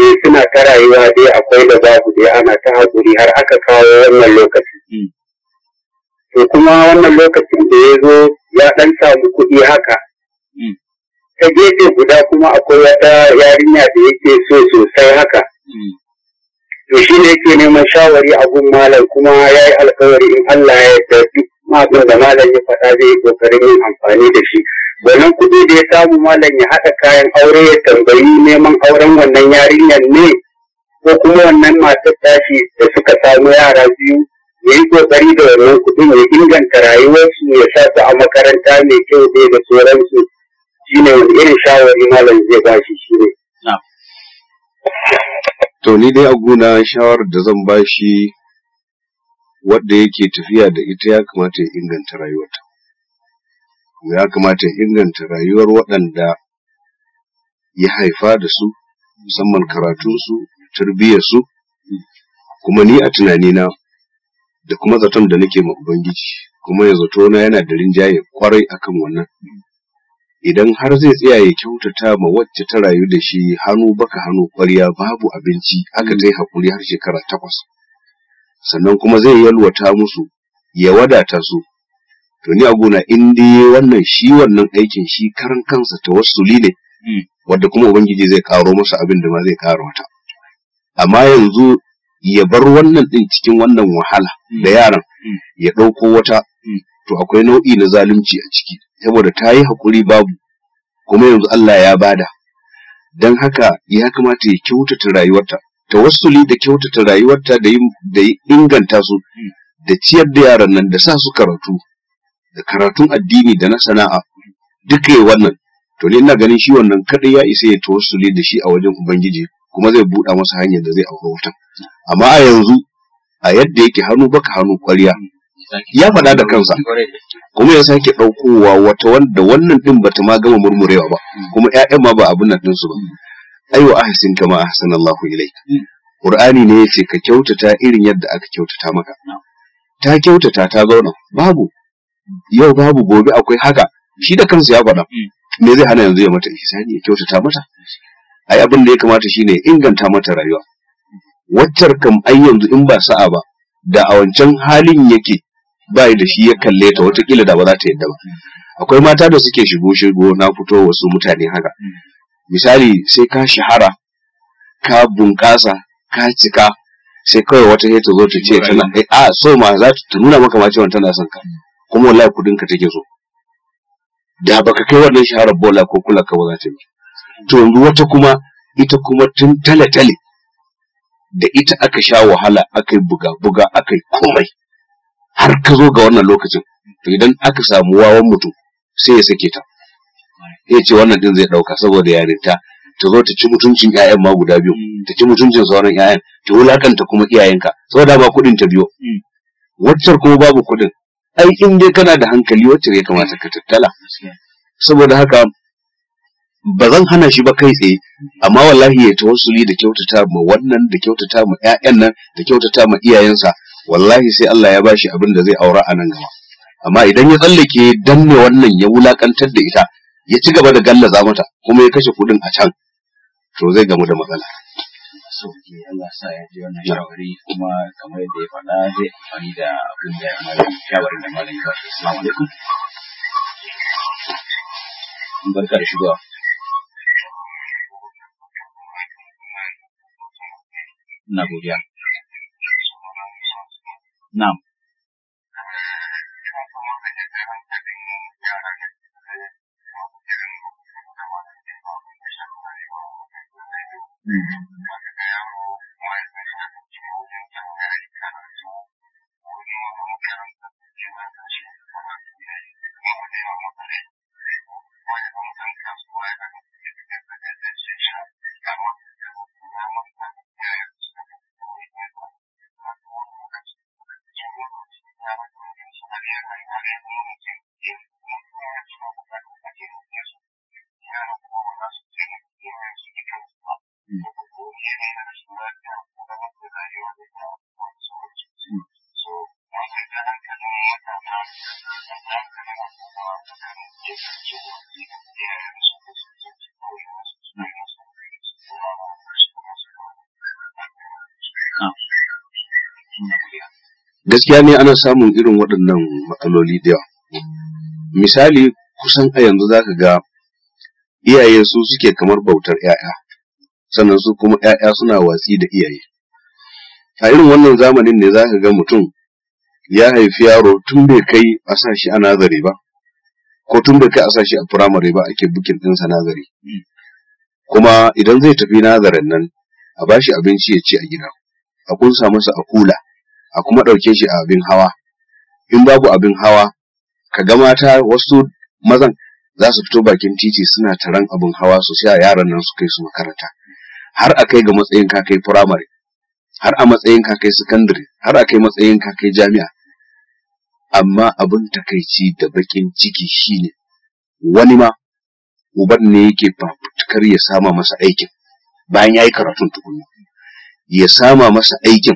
S4: Eh suna ta rayuwa dai akwai da babu dai ana ta haƙuri har aka kawo wannan lokaci. to kuma wannan lokacin da ya zo ya ɗan samu kuɗi haka mm. ta gefe guda kuma akwai wata yarinya da yake so sosai haka mm. to shi ne yake neman shawari a gun malam kuma ya yi alkawari in Allah ya yarda duk abin da malam ya faɗa zai yi ƙoƙarin yin amfani da shi wannan kuɗi da ya samu malam ya haɗa kayan aure ya tambayi neman auren wannan yarinyar ne ko kuma wannan matar tashi da suka samu yara biyu ya yi kokari da wannan kuɗin ya inganta rayuwarsu ya sa su a makaranta mai kyau dai da sauransu shi ne irin shawari malam zai ba shi shi ne.
S2: To ni dai a gona shawarar da zan ba shi wadda yake tafiya da ita ya kamata ya inganta rayuwarta. Ya kamata ya inganta rayuwar waɗanda ya haifa da su, musamman karatunsu, tarbiyyarsu, kuma ni a tunanina da kuma zaton da nake ma ubangiji kuma ya zato na yana da rinjaye kwarai akan wannan idan har zai tsaya ya kyautata ma wacce ta rayu da shi hannu baka hannu kwarya babu abinci aka zai hakuri har shekara takwas sannan kuma zai yalwata musu ya wadata su to ni a gona in dai wannan shi wannan aikin shi karan kansa ta wasu ne hmm. wadda kuma ubangiji zai karo masa abin da ma zai karo ta amma yanzu ya bar wannan din cikin wannan wahala mm. da yaran mm. ya ɗauko wata mm. to akwai nau'i na zalunci a ciki saboda ta yi haƙuri babu kuma yanzu Allah ya bada don haka ya kamata ya kyautata rayuwarta ta wasuli da kyautata rayuwarta da da inganta su da ciyar da yaran nan da sa su karatu da karatun addini da na sana'a duka wannan to ne ina ganin shi wannan kaɗai ya isa ya tawassuli da shi a wajen ubangiji kuma zai buɗa masa hanyar da zai auri wutan amma a yanzu a yadda yake hannu baka hannu kwarya
S1: ya faɗa da kansa
S2: kuma ya sake ɗaukowa wata wanda wannan ɗin bata ma gama murmurewa ba kuma ƴaƴan ma ba abin nan ɗinsu ba aiwa ahsin kama ahsana Allahu ilai. Ƙur'ani ne ya ce ka kyautata irin yadda aka kyautata maka ta kyautata ta zauna babu yau babu gobe akwai haka shi da kansa ya faɗa me zai hana yanzu ya mata ihsani ya kyautata mata ai abin da ya kamata shine inganta mata rayuwa waccar kam ai yanzu in ba sa'a ba da a wancan halin yake bai da shi ya kalle ta watakila da ba za ta yadda ba akwai mata da suke shigo shigo na fito wasu mutane haka misali sai ka shahara ka bunƙasa ka cika sai kawai wata sai ta zo ta ce tana eh, a so ma za ta nuna maka ma cewa tana son ka kuma wallahi kudin ka take so da baka kai wannan shaharar bola ko kula ka ba za ta yi to yanzu wata kuma ita kuma tun tale-tale da ita aka sha wahala aka yi buga-buga aka yi komai har ka zo ga wannan lokacin to idan aka samu wawan mutum sai ya sake ta ya ce wannan din zai dauka saboda yarinta ta zo ta ci mutuncin ƴaƴan ma guda biyu ta ci mutuncin sauran 'ya'yan, ta wulakanta kuma iyayenka saboda ba kuɗin ta biyo hmm. waccar kuma babu kuɗin ai in dai kana da hankali wacce ya kamata ka tattala saboda haka ba zan hana shi ba kai tsaye amma wallahi ya tawassuli da kyautata ma wannan da kyautata ma ƴaƴan nan da kyautata ma iyayensa wallahi sai Allah ya bashi abin da zai aura a nan gaba amma idan ya tsallake danne wannan ya wulakantar da ita ya ci gaba da gallaza mata kuma ya kashe kuɗin a can to zai gamu da matsala
S1: sauke Allah sa ya ji wannan shawari kuma kamar yadda ya faɗa zai amfani da abin da malam shawarin da malam ya ba assalamu alaikum barka da shigowa на буря. Нам. Mm-hmm.
S2: gaskiya ne ana samun irin waɗannan matsaloli da yawa misali kusan a yanzu za ka ga iyaye su suke kamar bautar 'ya'ya sannan su kuma 'ya'ya suna watsi da iyaye a irin wannan zamanin ne za ka ga mutum ya haifi yaro tun bai kai a sa shi a nazari ba ko tun bai kai a sa shi a firamare ba ake bukin ɗinsa nazari kuma idan zai tafi nazarin nan a bashi abinci ya ci a gida a kunsa masa a kula a kuma ɗauke shi a abin hawa in babu abin hawa ka ga mata wasu mazan za su fito bakin titi suna taron abin hawa su sha yaran nan su kai su makaranta har a kai ga matsayin ka kai firamare har a matsayin ka kai sakandare har a kai matsayin ka kai jami'a amma abin takaici da bakin ciki shine wani ma uban ne yake fafutukar ya sama masa aikin bayan ya yi karatun tukunna ya sama masa aikin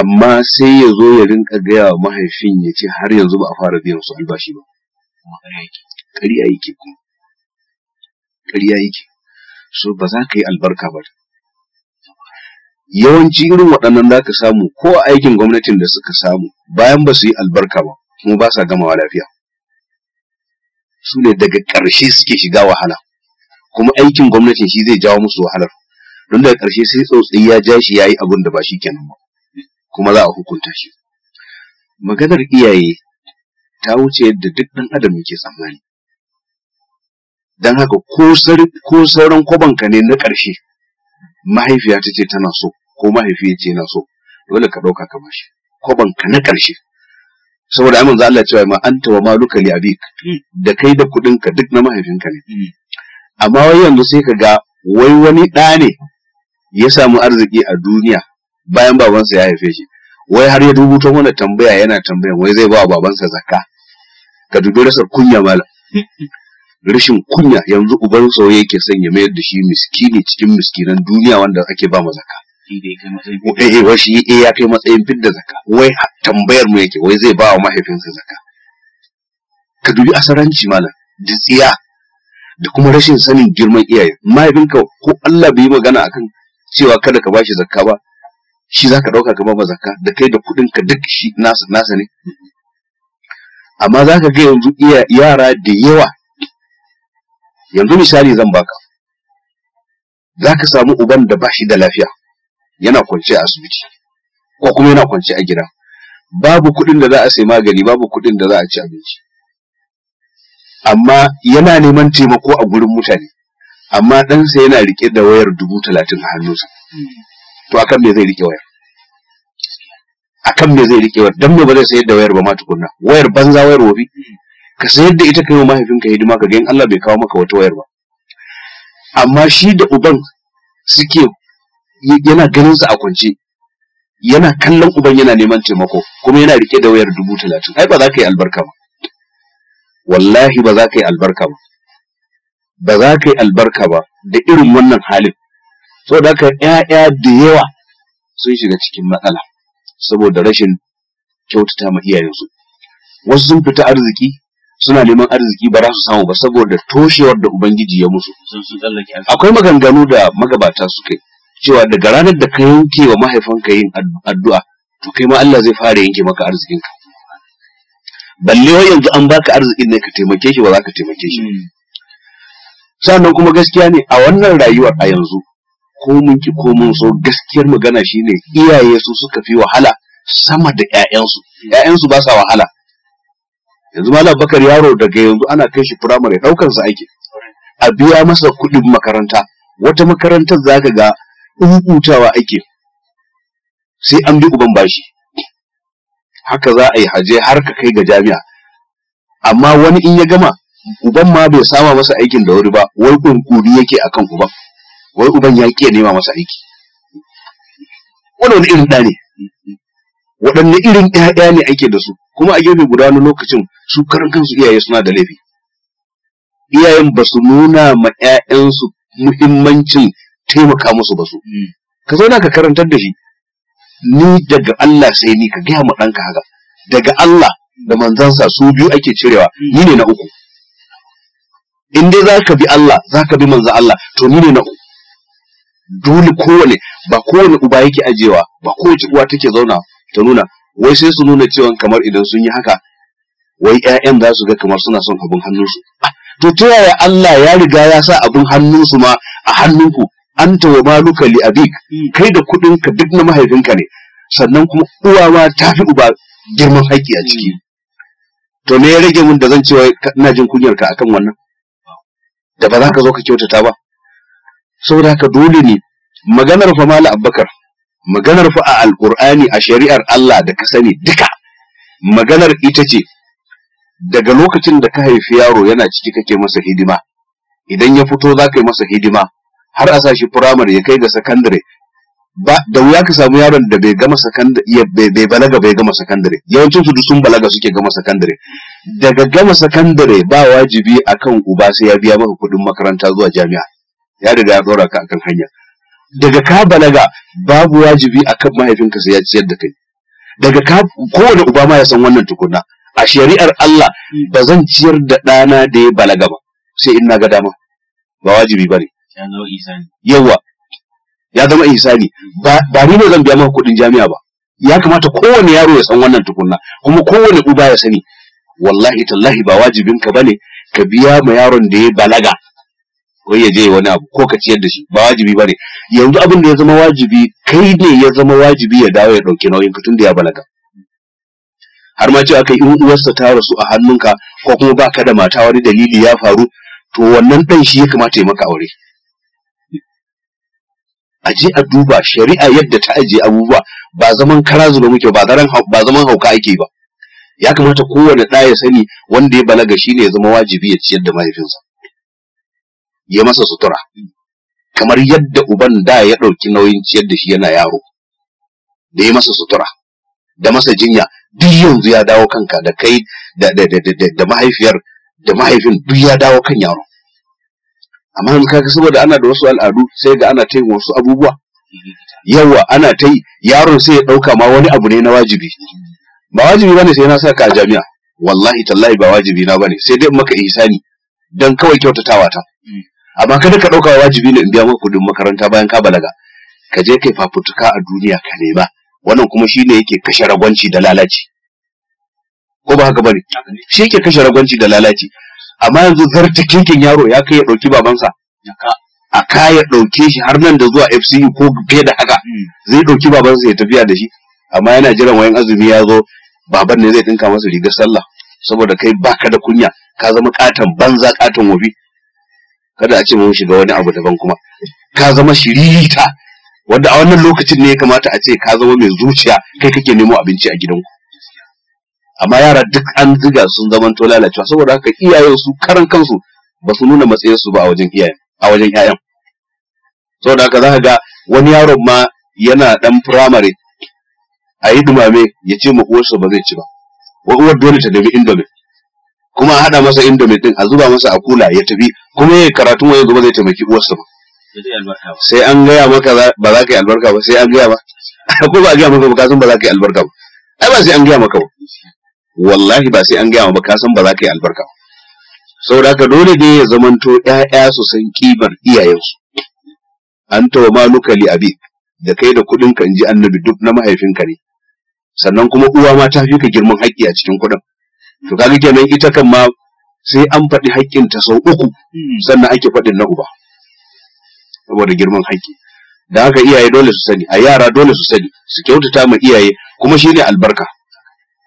S2: amma sai ya zo ya rinka gaya wa mahaifin ya ce har yanzu ba a fara biyan su albashi ba ƙarya yake ƙarya yake so ba za ka yi albarka ba yawanci irin waɗannan za ka samu ko a aikin gwamnatin da suka samu bayan ba su yi albarka ba kuma ba sa gamawa lafiya su ne daga ƙarshe suke shiga wahala kuma aikin gwamnatin shi zai jawo musu wahalar don daga ƙarshe sai tsautsayi ya ja shi ya yi abin da ba shi kenan ba kuma za a hukunta shi maganar iyaye ta wuce yadda duk ɗan adam yake tsammani don haka ko sauran kwabanka ne na ƙarshe mahaifiya ta ce tana so ko mahaifi ya ce na so dole ka ɗauka ka bashi kwabanka na ƙarshe saboda amin za Allah cewa ma an tawa maluka abik da kai da kuɗinka duk na mahaifinka ne amma wai yanzu sai ka ga wai wani ɗa ne ya samu arziki a duniya bayan babansa ya haife shi wai har ya ta mana tambaya yana tambayan wai zai ba wa babansa zakka ka dubi rasa kunya malam rashin kunya yanzu uban soyayya yake son ya mayar da shi miskini cikin miskinan duniya wanda ake ba zakka eh wai shi eh ya kai matsayin fidda zakka wai tambayar mu yake wai zai ba wa mahaifinsa zakka ka dubi asaranci malam da da kuma rashin sanin girman iyaye mahaifinka ko Allah bai magana akan cewa kada ka bashi zakka ba shi zaka ɗauka ka ba zakka da kai da kudin ka duk shi nasa nasa ne amma zaka ga yanzu iya yara da yawa yanzu misali zan baka zaka samu uban da ba shi da lafiya yana kwance a asibiti ko kuma yana kwance a gida babu kudin da za a sai magani babu kuɗin da za a ci abinci amma yana neman taimako a gurin mutane amma ɗansa yana rike da wayar dubu talatin a hannunsa to akan me zai rike wayar akan me zai rike wayar dan me ba zai sayar da wayar ba ma tukunna wayar banza wayar wofi ka sayar da ita kai wa mahaifinka hidima ka ga in Allah bai kawo maka wata wayar ba amma shi da uban suke yana ganin sa a kwance yana kallon uban yana neman taimako kuma yana rike da wayar dubu talatin ai ba za ka yi albarka ba wallahi ba za ka yi albarka ba ba za ka yi albarka ba da irin wannan halin saboda haka ƴaƴa da yawa sun shiga cikin matsala saboda rashin kyautata ma iyayensu wasu sun fita arziki suna neman arziki ba za su samu ba saboda toshewar da ubangiji ya musu akwai maganganu da magabata suka yi cewa daga ranar da ka yanke wa mahaifanka yin addu'a to kai ma Allah zai fara yanke maka arzikinka balle wai yanzu an baka arzikin ne ka taimake shi ba za ka taimake shi hmm. sannan kuma gaskiya ne a wannan rayuwar a yanzu ko mun ki ko mun so gaskiyar magana shine iyaye su suka fi wahala sama da ƴaƴansu ƴaƴansu ba sa wahala yanzu malam bakar yaro daga yanzu ana kai shi firamare ɗaukar sa ake a biya masa kuɗin makaranta wata makarantar zaka ga hutawa ake sai an bi uban bashi haka za a yi haje har ka kai ga jami'a amma wani in ya gama uban ma bai sama masa aikin da wuri ba wai kunkuri yake akan uban wai uban ya ƙi nema masa aiki wani irin ɗa ne waɗanne irin ɗaya ne ake da su kuma a gefe guda wani lokacin su karan kansu iyaye suna da laifi iyayen ba su nuna ma 'ya'yansu muhimmancin taimaka musu ba su ka zauna ka karantar da shi ni daga Allah sai ni ka gaya ma ɗanka haka daga Allah da manzansa su biyu ake cirewa ni ne na uku in dai za ka bi Allah za ka bi manzan Allah to ni ne na uku dole kowane ba kowane uba yake ajewa ba kowace uwa take zauna ta nuna wai sai su nuna cewa kamar idan sun yi haka wai ƴaƴan za su ga kamar suna son abin hannunsu to ta yaya Allah ya riga ya sa abin hannunsu ma a hannunku anta wa maluka li abik kai da kuɗin ka duk na mahaifinka ne sannan kuma uwa ma ta fi uba girman haƙƙi a ciki to me ya rage mun da zan cewa ina jin kunyarka akan wannan da ba za ka zo ka kyautata ba saboda haka dole ne maganar fa mala abubakar maganar fa a alkur'ani a shari'ar Allah da ka sani duka maganar ita ce daga lokacin da ka haifi yaro yana ciki kake masa hidima idan ya fito za ka yi masa hidima har a sashi firamare ya kai ga sakandare ba da wuya ka samu yaron da bai gama sakandare bai balaga bai gama sakandare yawancin su sun balaga suke gama sakandare daga gama sakandare ba wajibi akan uba sai ya biya maka kuɗin makaranta zuwa jami'a ya riga ya ɗora ka akan hanya daga ka balaga babu wajibi akan mahaifinka sai ya ciyar da kai daga ka kowane uba ma ya san wannan tukunna a shari'ar Allah ba zan ciyar da dana da ya balaga ba sai in na ga dama ba wajibi ba ne yawa ya zama ihsani ba ni ne zan biya maka kuɗin jami'a ba ya kamata kowane yaro ya san wannan tukunna kuma kowane uba ya sani wallahi tallahi ba wajibinka bane ka biya ma yaron da ya balaga wai ya je wani abu ko ka ciyar da shi ba wajibi ba ne yanzu abin da ya zama wajibi kai ne ya zama wajibi ya dawo ya ɗauki nauyin ka tun da ya balaga har ma cewa kai in uwarsa ta rasu a hannunka ko kuma ba ka da mata wani dalili ya faru to wannan ɗan shi ya kamata ya maka aure a je a duba shari'a yadda ta ajiye abubuwa ba zaman kara zuba muke ba ba zaman hauka ake ba ya kamata kowane ɗa ya sani wanda ya balaga shi ne ya zama wajibi ya ciyar da mahaifinsa ya masa sutura kamar yadda uban da ya ɗauki nauyin ciyar da shi yana yaro da ya masa sutura da masa jinya duk yanzu ya dawo kanka da kai da, da, mahaifiyar da mahaifin duk ya dawo kan yaro amma yanzu kaga saboda ana da wasu al'adu sai ga ana ta wasu abubuwa yawa ana ta yi yaron sai ya ɗauka ma wani abu ne na wajibi ba wajibi bane sai na saka a jami'a wallahi tallahi ba wajibi na bane sai dai maka ihsani dan kawai kyautatawa ta amma kada ka ɗauka wajibi ne in biya maka kuɗin makaranta bayan ka balaga ka je kai fafutuka a duniya ka nema wannan kuma shi ne yake kashe ragwanci da lalaci ko ba haka bane shi yake kashe ragwanci da lalaci amma yanzu zartakekin yaro ya kai ya ɗauki babansa a ka ya ɗauke shi har nan da zuwa FCU ko fiye da haka zai ɗauki babansa ya tafiya da shi amma yana jiran wayan azumi ya zo baban ne zai dinka masa rigar sallah saboda kai baka da kunya ka zama katon banza katon wabi kada a ce mun shiga wani abu daban kuma ka zama shiririta wanda a wannan lokacin ne ya kamata a ce ka zama mai zuciya kai kake nemo abinci a gidanku amma yara duk an ziga sun zaman to lalacewa saboda haka iyayen su karan kansu ba su nuna matsayin su ba a wajen iyayen a wajen yayan saboda haka zaka ga wani yaron ma yana dan primary a yi dumame ya ce ma uwarsa ba zai ci ba uwar dole ta dabi indomie kuma a haɗa masa indomie din a zuba masa a kula ya tafi kuma ya karatun ya gaba zai taimaki uwarsa ba sai an gaya maka ba za ka yi albarka ba sai an gaya ba ko ba a gaya maka ba kasan ba za ka yi albarka ba ai ba sai an gaya maka ba wallahi ba sai an gaya ba kasan ba za ka yi albarka ba saboda haka dole ne ya zamanto ƴaƴa su san kimar iyayensu an tawa maluka li abi da kai da kuɗin ka inji annabi duk na mahaifinka ne sannan kuma uwa ma ta fi ka girman haƙƙi a cikin kuɗin to kaga kenan ita kan ma sai an faɗi haƙƙin ta sau uku hmm. sannan ake faɗin na uba saboda girman haƙƙi da haka iyaye dole su sani a yara dole su sani su kyautata ma iyaye kuma shine albarka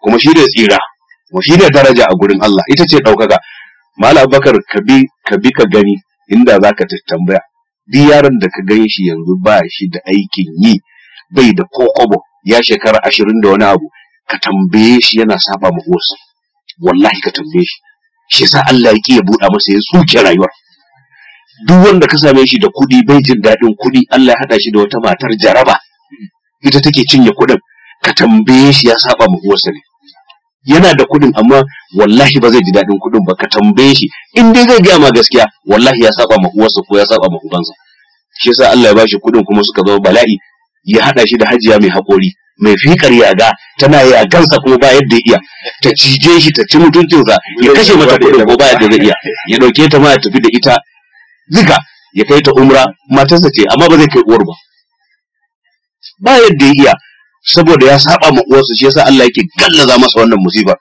S2: kuma shine tsira kuma shine daraja a gurin Allah ita ce ɗaukaka mala Bakar, ka bi ka bi ka gani inda zaka tambaya duk yaron da ka gan shi yanzu ba shi da aikin yi bai da kokobo ya shekara ashirin da wani abu ka tambaye shi yana saba ma uwarsa wallahi ka tambaye shi shi yasa Allah ya ki ya buɗa masa ya tsuke rayuwar duk wanda ka same shi da kuɗi bai jin daɗin kuɗi Allah ya haɗa shi da wata matar jaraba ita take cinye kuɗin ka tambaye shi ya saba ma uwarsa ne yana da kuɗin amma wallahi ba zai ji daɗin kuɗin ba ka tambaye shi in dai zai gaya ma gaskiya wallahi ya saba ma uwarsa ko ya saba ma ubansa shi yasa Allah ya bashi kuɗin kuma suka zama bala'i ya haɗa shi da hajiya mai haƙori mai fikar yaga tana yi a yagansa kuma ba yadda iya ta cije shi ta ci mutuncinsa ya kashe mata kuɗin ko ba yadda zai iya ya ɗauke ta ma ya tafi da ita zika ya kai ta umra matarsa ce amma ba zai kai uwar ba ba yadda ya iya saboda ya saba ma uwarsa shi yasa Allah yake gallaza masa wannan musiba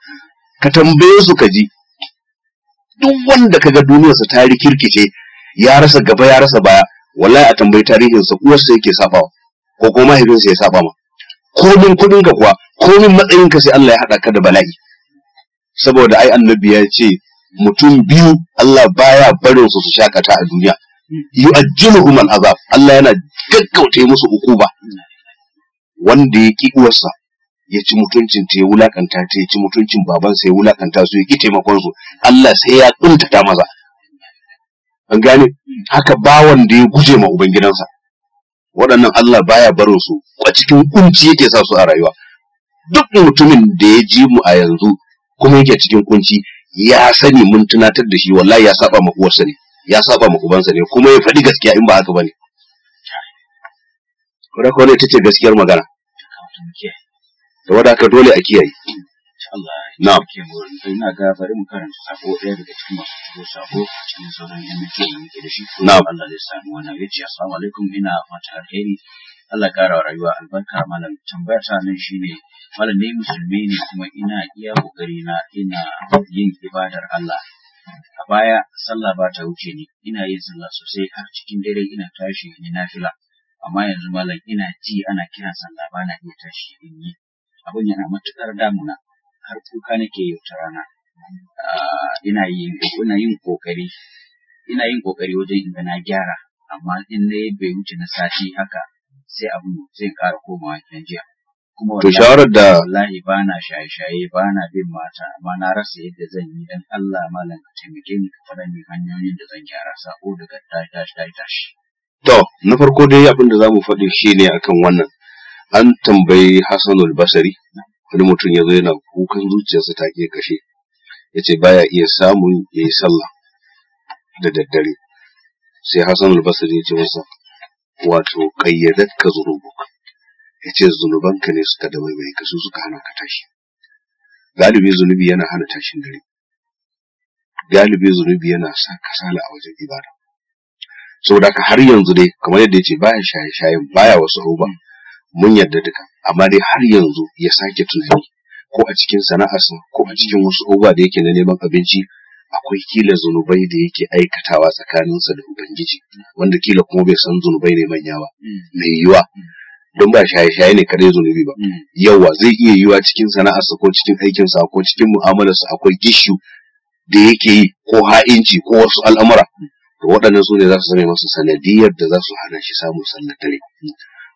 S2: ka tambaye su ka ji duk wanda kaga duniyarsa ta rikirkice ya rasa gaba ya rasa baya wallahi a tambayi tarihinsa uwarsa yake safawa. ko mahaifinsa ya saba ma komin kudin ka kuwa komin matsayin ka sai Allah ya haɗa ka da bala'i saboda ai annabi ya ce mutum biyu Allah baya barin su su shakata a duniya yu'ajjiluhum al'azab Allah yana gaggauta musu ukuba wanda ya ki uwarsa ya ci mutuncin ta ya wulakanta ta ya ci mutuncin babansa ya wulakanta su ya ki taimakon su Allah sai ya kuntata maza an gane haka bawan da ya guje ma ubangidansa waɗannan Allah baya barin su a cikin kunci yake sa su a rayuwa duk mutumin da ya ji mu a yanzu kuma yake cikin kunci ya sani mun tunatar da shi wallahi ya saba ma uwarsa ne ya saba mu ubansa ne kuma ya faɗi gaskiya in ba haka bane ko da tace gaskiyar magana da wadaka dole a kiyaye Allah ya ke
S1: mu ina ga bari mu karanta sako ɗaya daga cikin masu shigo sako cikin sauran yan mutum da muke da shi Allah zai samu wannan yace assalamu alaikum ina fata alheri Allah ƙara wa rayuwa albarka malam tambayar ta nan shine malam ne musulmi ne kuma ina iya kokari na ina yin ibadar Allah a baya sallah ba ta wuce ni ina yin sallah sosai har cikin dare ina tashi ni nafila amma yanzu malam ina ji ana kiran sallah ba na iya tashi in yi abin yana matuƙar damuna har kuka nake yi wata rana ah, ina yin ina kokari ina yin kokari wajen inda na gyara amma in na bai wuce na sati haka sai abin zai ƙara komawa kan jiya kuma to shawarar da wallahi ba na shaye-shaye ba na bin mata amma na rasa yadda zan yi dan Allah malam ka taimake ni ka fara min hanyoyin da zan gyara sako daga tashi tashi tashi
S2: to na farko dai abin da zamu faɗi shine akan wannan an tambayi Hassanul Basri wani mutum ya zo yana kukan zuciyarsa ta ke kashe ya ce baya iya samun ya yi sallah da daddare sai hassan albasir ya ce masa
S1: wato ƙayyadakka zunubuk ya ce zunubanka ne suka da maimai ka suka hana ka tashi galibi zunubi yana hana tashin dare
S2: galibi zunubi yana sa kasala a wajen ibada saboda haka har yanzu dai kamar yadda ya ce baya shaye-shayen baya wasu roba mun yarda duka amma dai har yanzu ya sake tunani ko a cikin sana'arsa ko a cikin wasu uba da yake na neman abinci akwai kila zunubai da yake aikatawa tsakaninsa da ubangiji wanda kila kuma bai san zunubai ne manya ba hmm. mai yiwa hmm. don ba shaye-shaye ne kadai zunubi ba hmm. yawa zai iya yiwa cikin sana'arsa ko cikin aikinsa ko cikin mu'amalarsa akwai gishu da yake yi ko ha'inci ko wasu al'amura to waɗannan su ne za su zama masa sanadiyar da za su hana shi samun sallar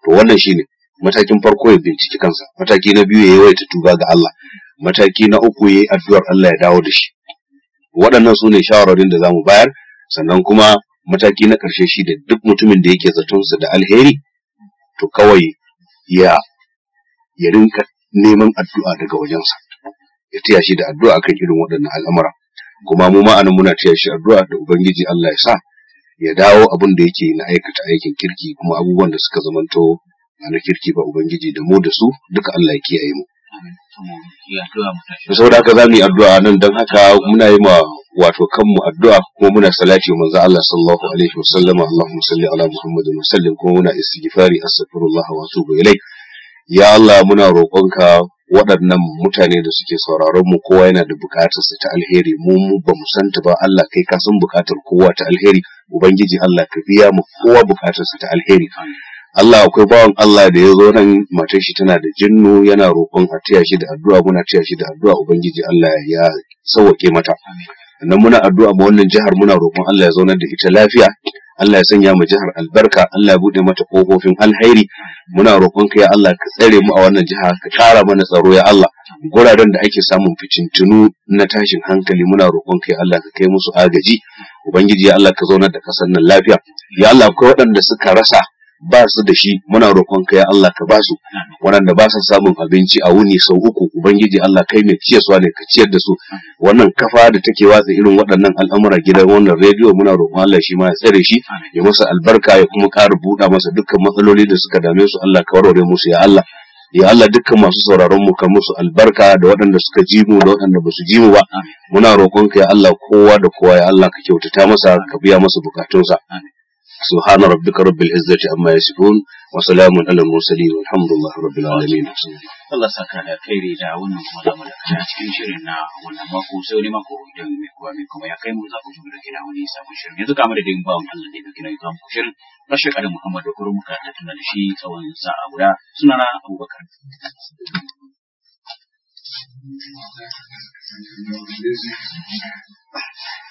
S2: to wannan shine matakin farko ya binciki kansa mataki na biyu ya yawaita tuba ga Allah mataki na uku ya yi addu'ar Allah ya dawo da shi waɗannan su ne shawararin da zamu bayar sannan kuma mataki na ƙarshe shi da duk mutumin da yake zatonsa da alheri to kawai ya ya rinka neman addu'a daga wajensa ya tiya shi da addu'a kan irin waɗannan al'amura kuma mu ma muna tiya shi addu'a da ubangiji Allah ya sa ya dawo abin da yake na aikata aikin kirki kuma abubuwan da suka zamanto na kirki ba ubangiji da mu da su duka Allah ya kiyaye mu saboda haka za mu yi addu'a nan don haka muna yi ma wato kanmu addu'a ko muna salati manzo Allah sallallahu alaihi wasallam Allahumma salli ala Muhammad wa sallim kuma muna istighfari astaghfirullah wa atubu ilai ya Allah muna roƙonka waɗannan mutane da suke sauraron mu kowa yana da buƙatar ta alheri mu mu ba mu san ba Allah kai ka san buƙatar kowa ta alheri ubangiji Allah ka biya mu kowa buƙatar ta alheri Allah akwai bawan Allah da ya zo nan matar shi tana da jinnu yana roƙon a tiya shi da addu'a muna tiya shi da addu'a ubangiji Allah ya sauwake mata nan muna addu'a ma wannan jihar muna roƙon Allah ya nan da ita lafiya Allah ya sanya mu jihar albarka Allah ya bude mata kofofin alheri muna roƙon ka ya Allah ka tsare mu a wannan jiha ka kara mana tsaro ya Allah guraren da ake samun ficintunu na tashin hankali muna roƙon ka ya Allah ka kai musu agaji ubangiji ya Allah ka nan da kasan nan lafiya ya Allah akwai waɗanda suka rasa ba su da shi muna roƙon ka ya Allah ka ba su waɗanda ba su samun abinci a wuni sau uku ubangiji Allah kai mai ciyarwa ne ka ciyar da su wannan kafa da take watsa irin waɗannan al'amura gidan wannan rediyo muna roƙon Allah shi ma ya tsare shi ya masa albarka ya kuma ƙara buɗa masa dukkan matsaloli da suka dame su Allah ka warware musu ya Allah ya Allah dukkan masu sauraron mu ka musu albarka da waɗanda suka ji mu da waɗanda ba su ji mu ba muna roƙonka ya Allah kowa da kowa ya Allah ka kyautata masa ka biya masa bukatunsa سبحان ربك رب العزة عما يصفون وسلام على المرسلين والحمد لله
S1: رب العالمين Allah saka da kairi da wannan kuma za mu dakata a cikin shirin na wannan mako sai wani mako idan mai kuwa mai kuma ya kai mu za ku ji mu dauke da wani sabon shirin yanzu kamar da yin bawon Allah da ya dauke da yin ku shirin Rashid Adam Muhammad da Kuro muka tattauna da shi tsawon sa'a guda suna na Abubakar Thank you.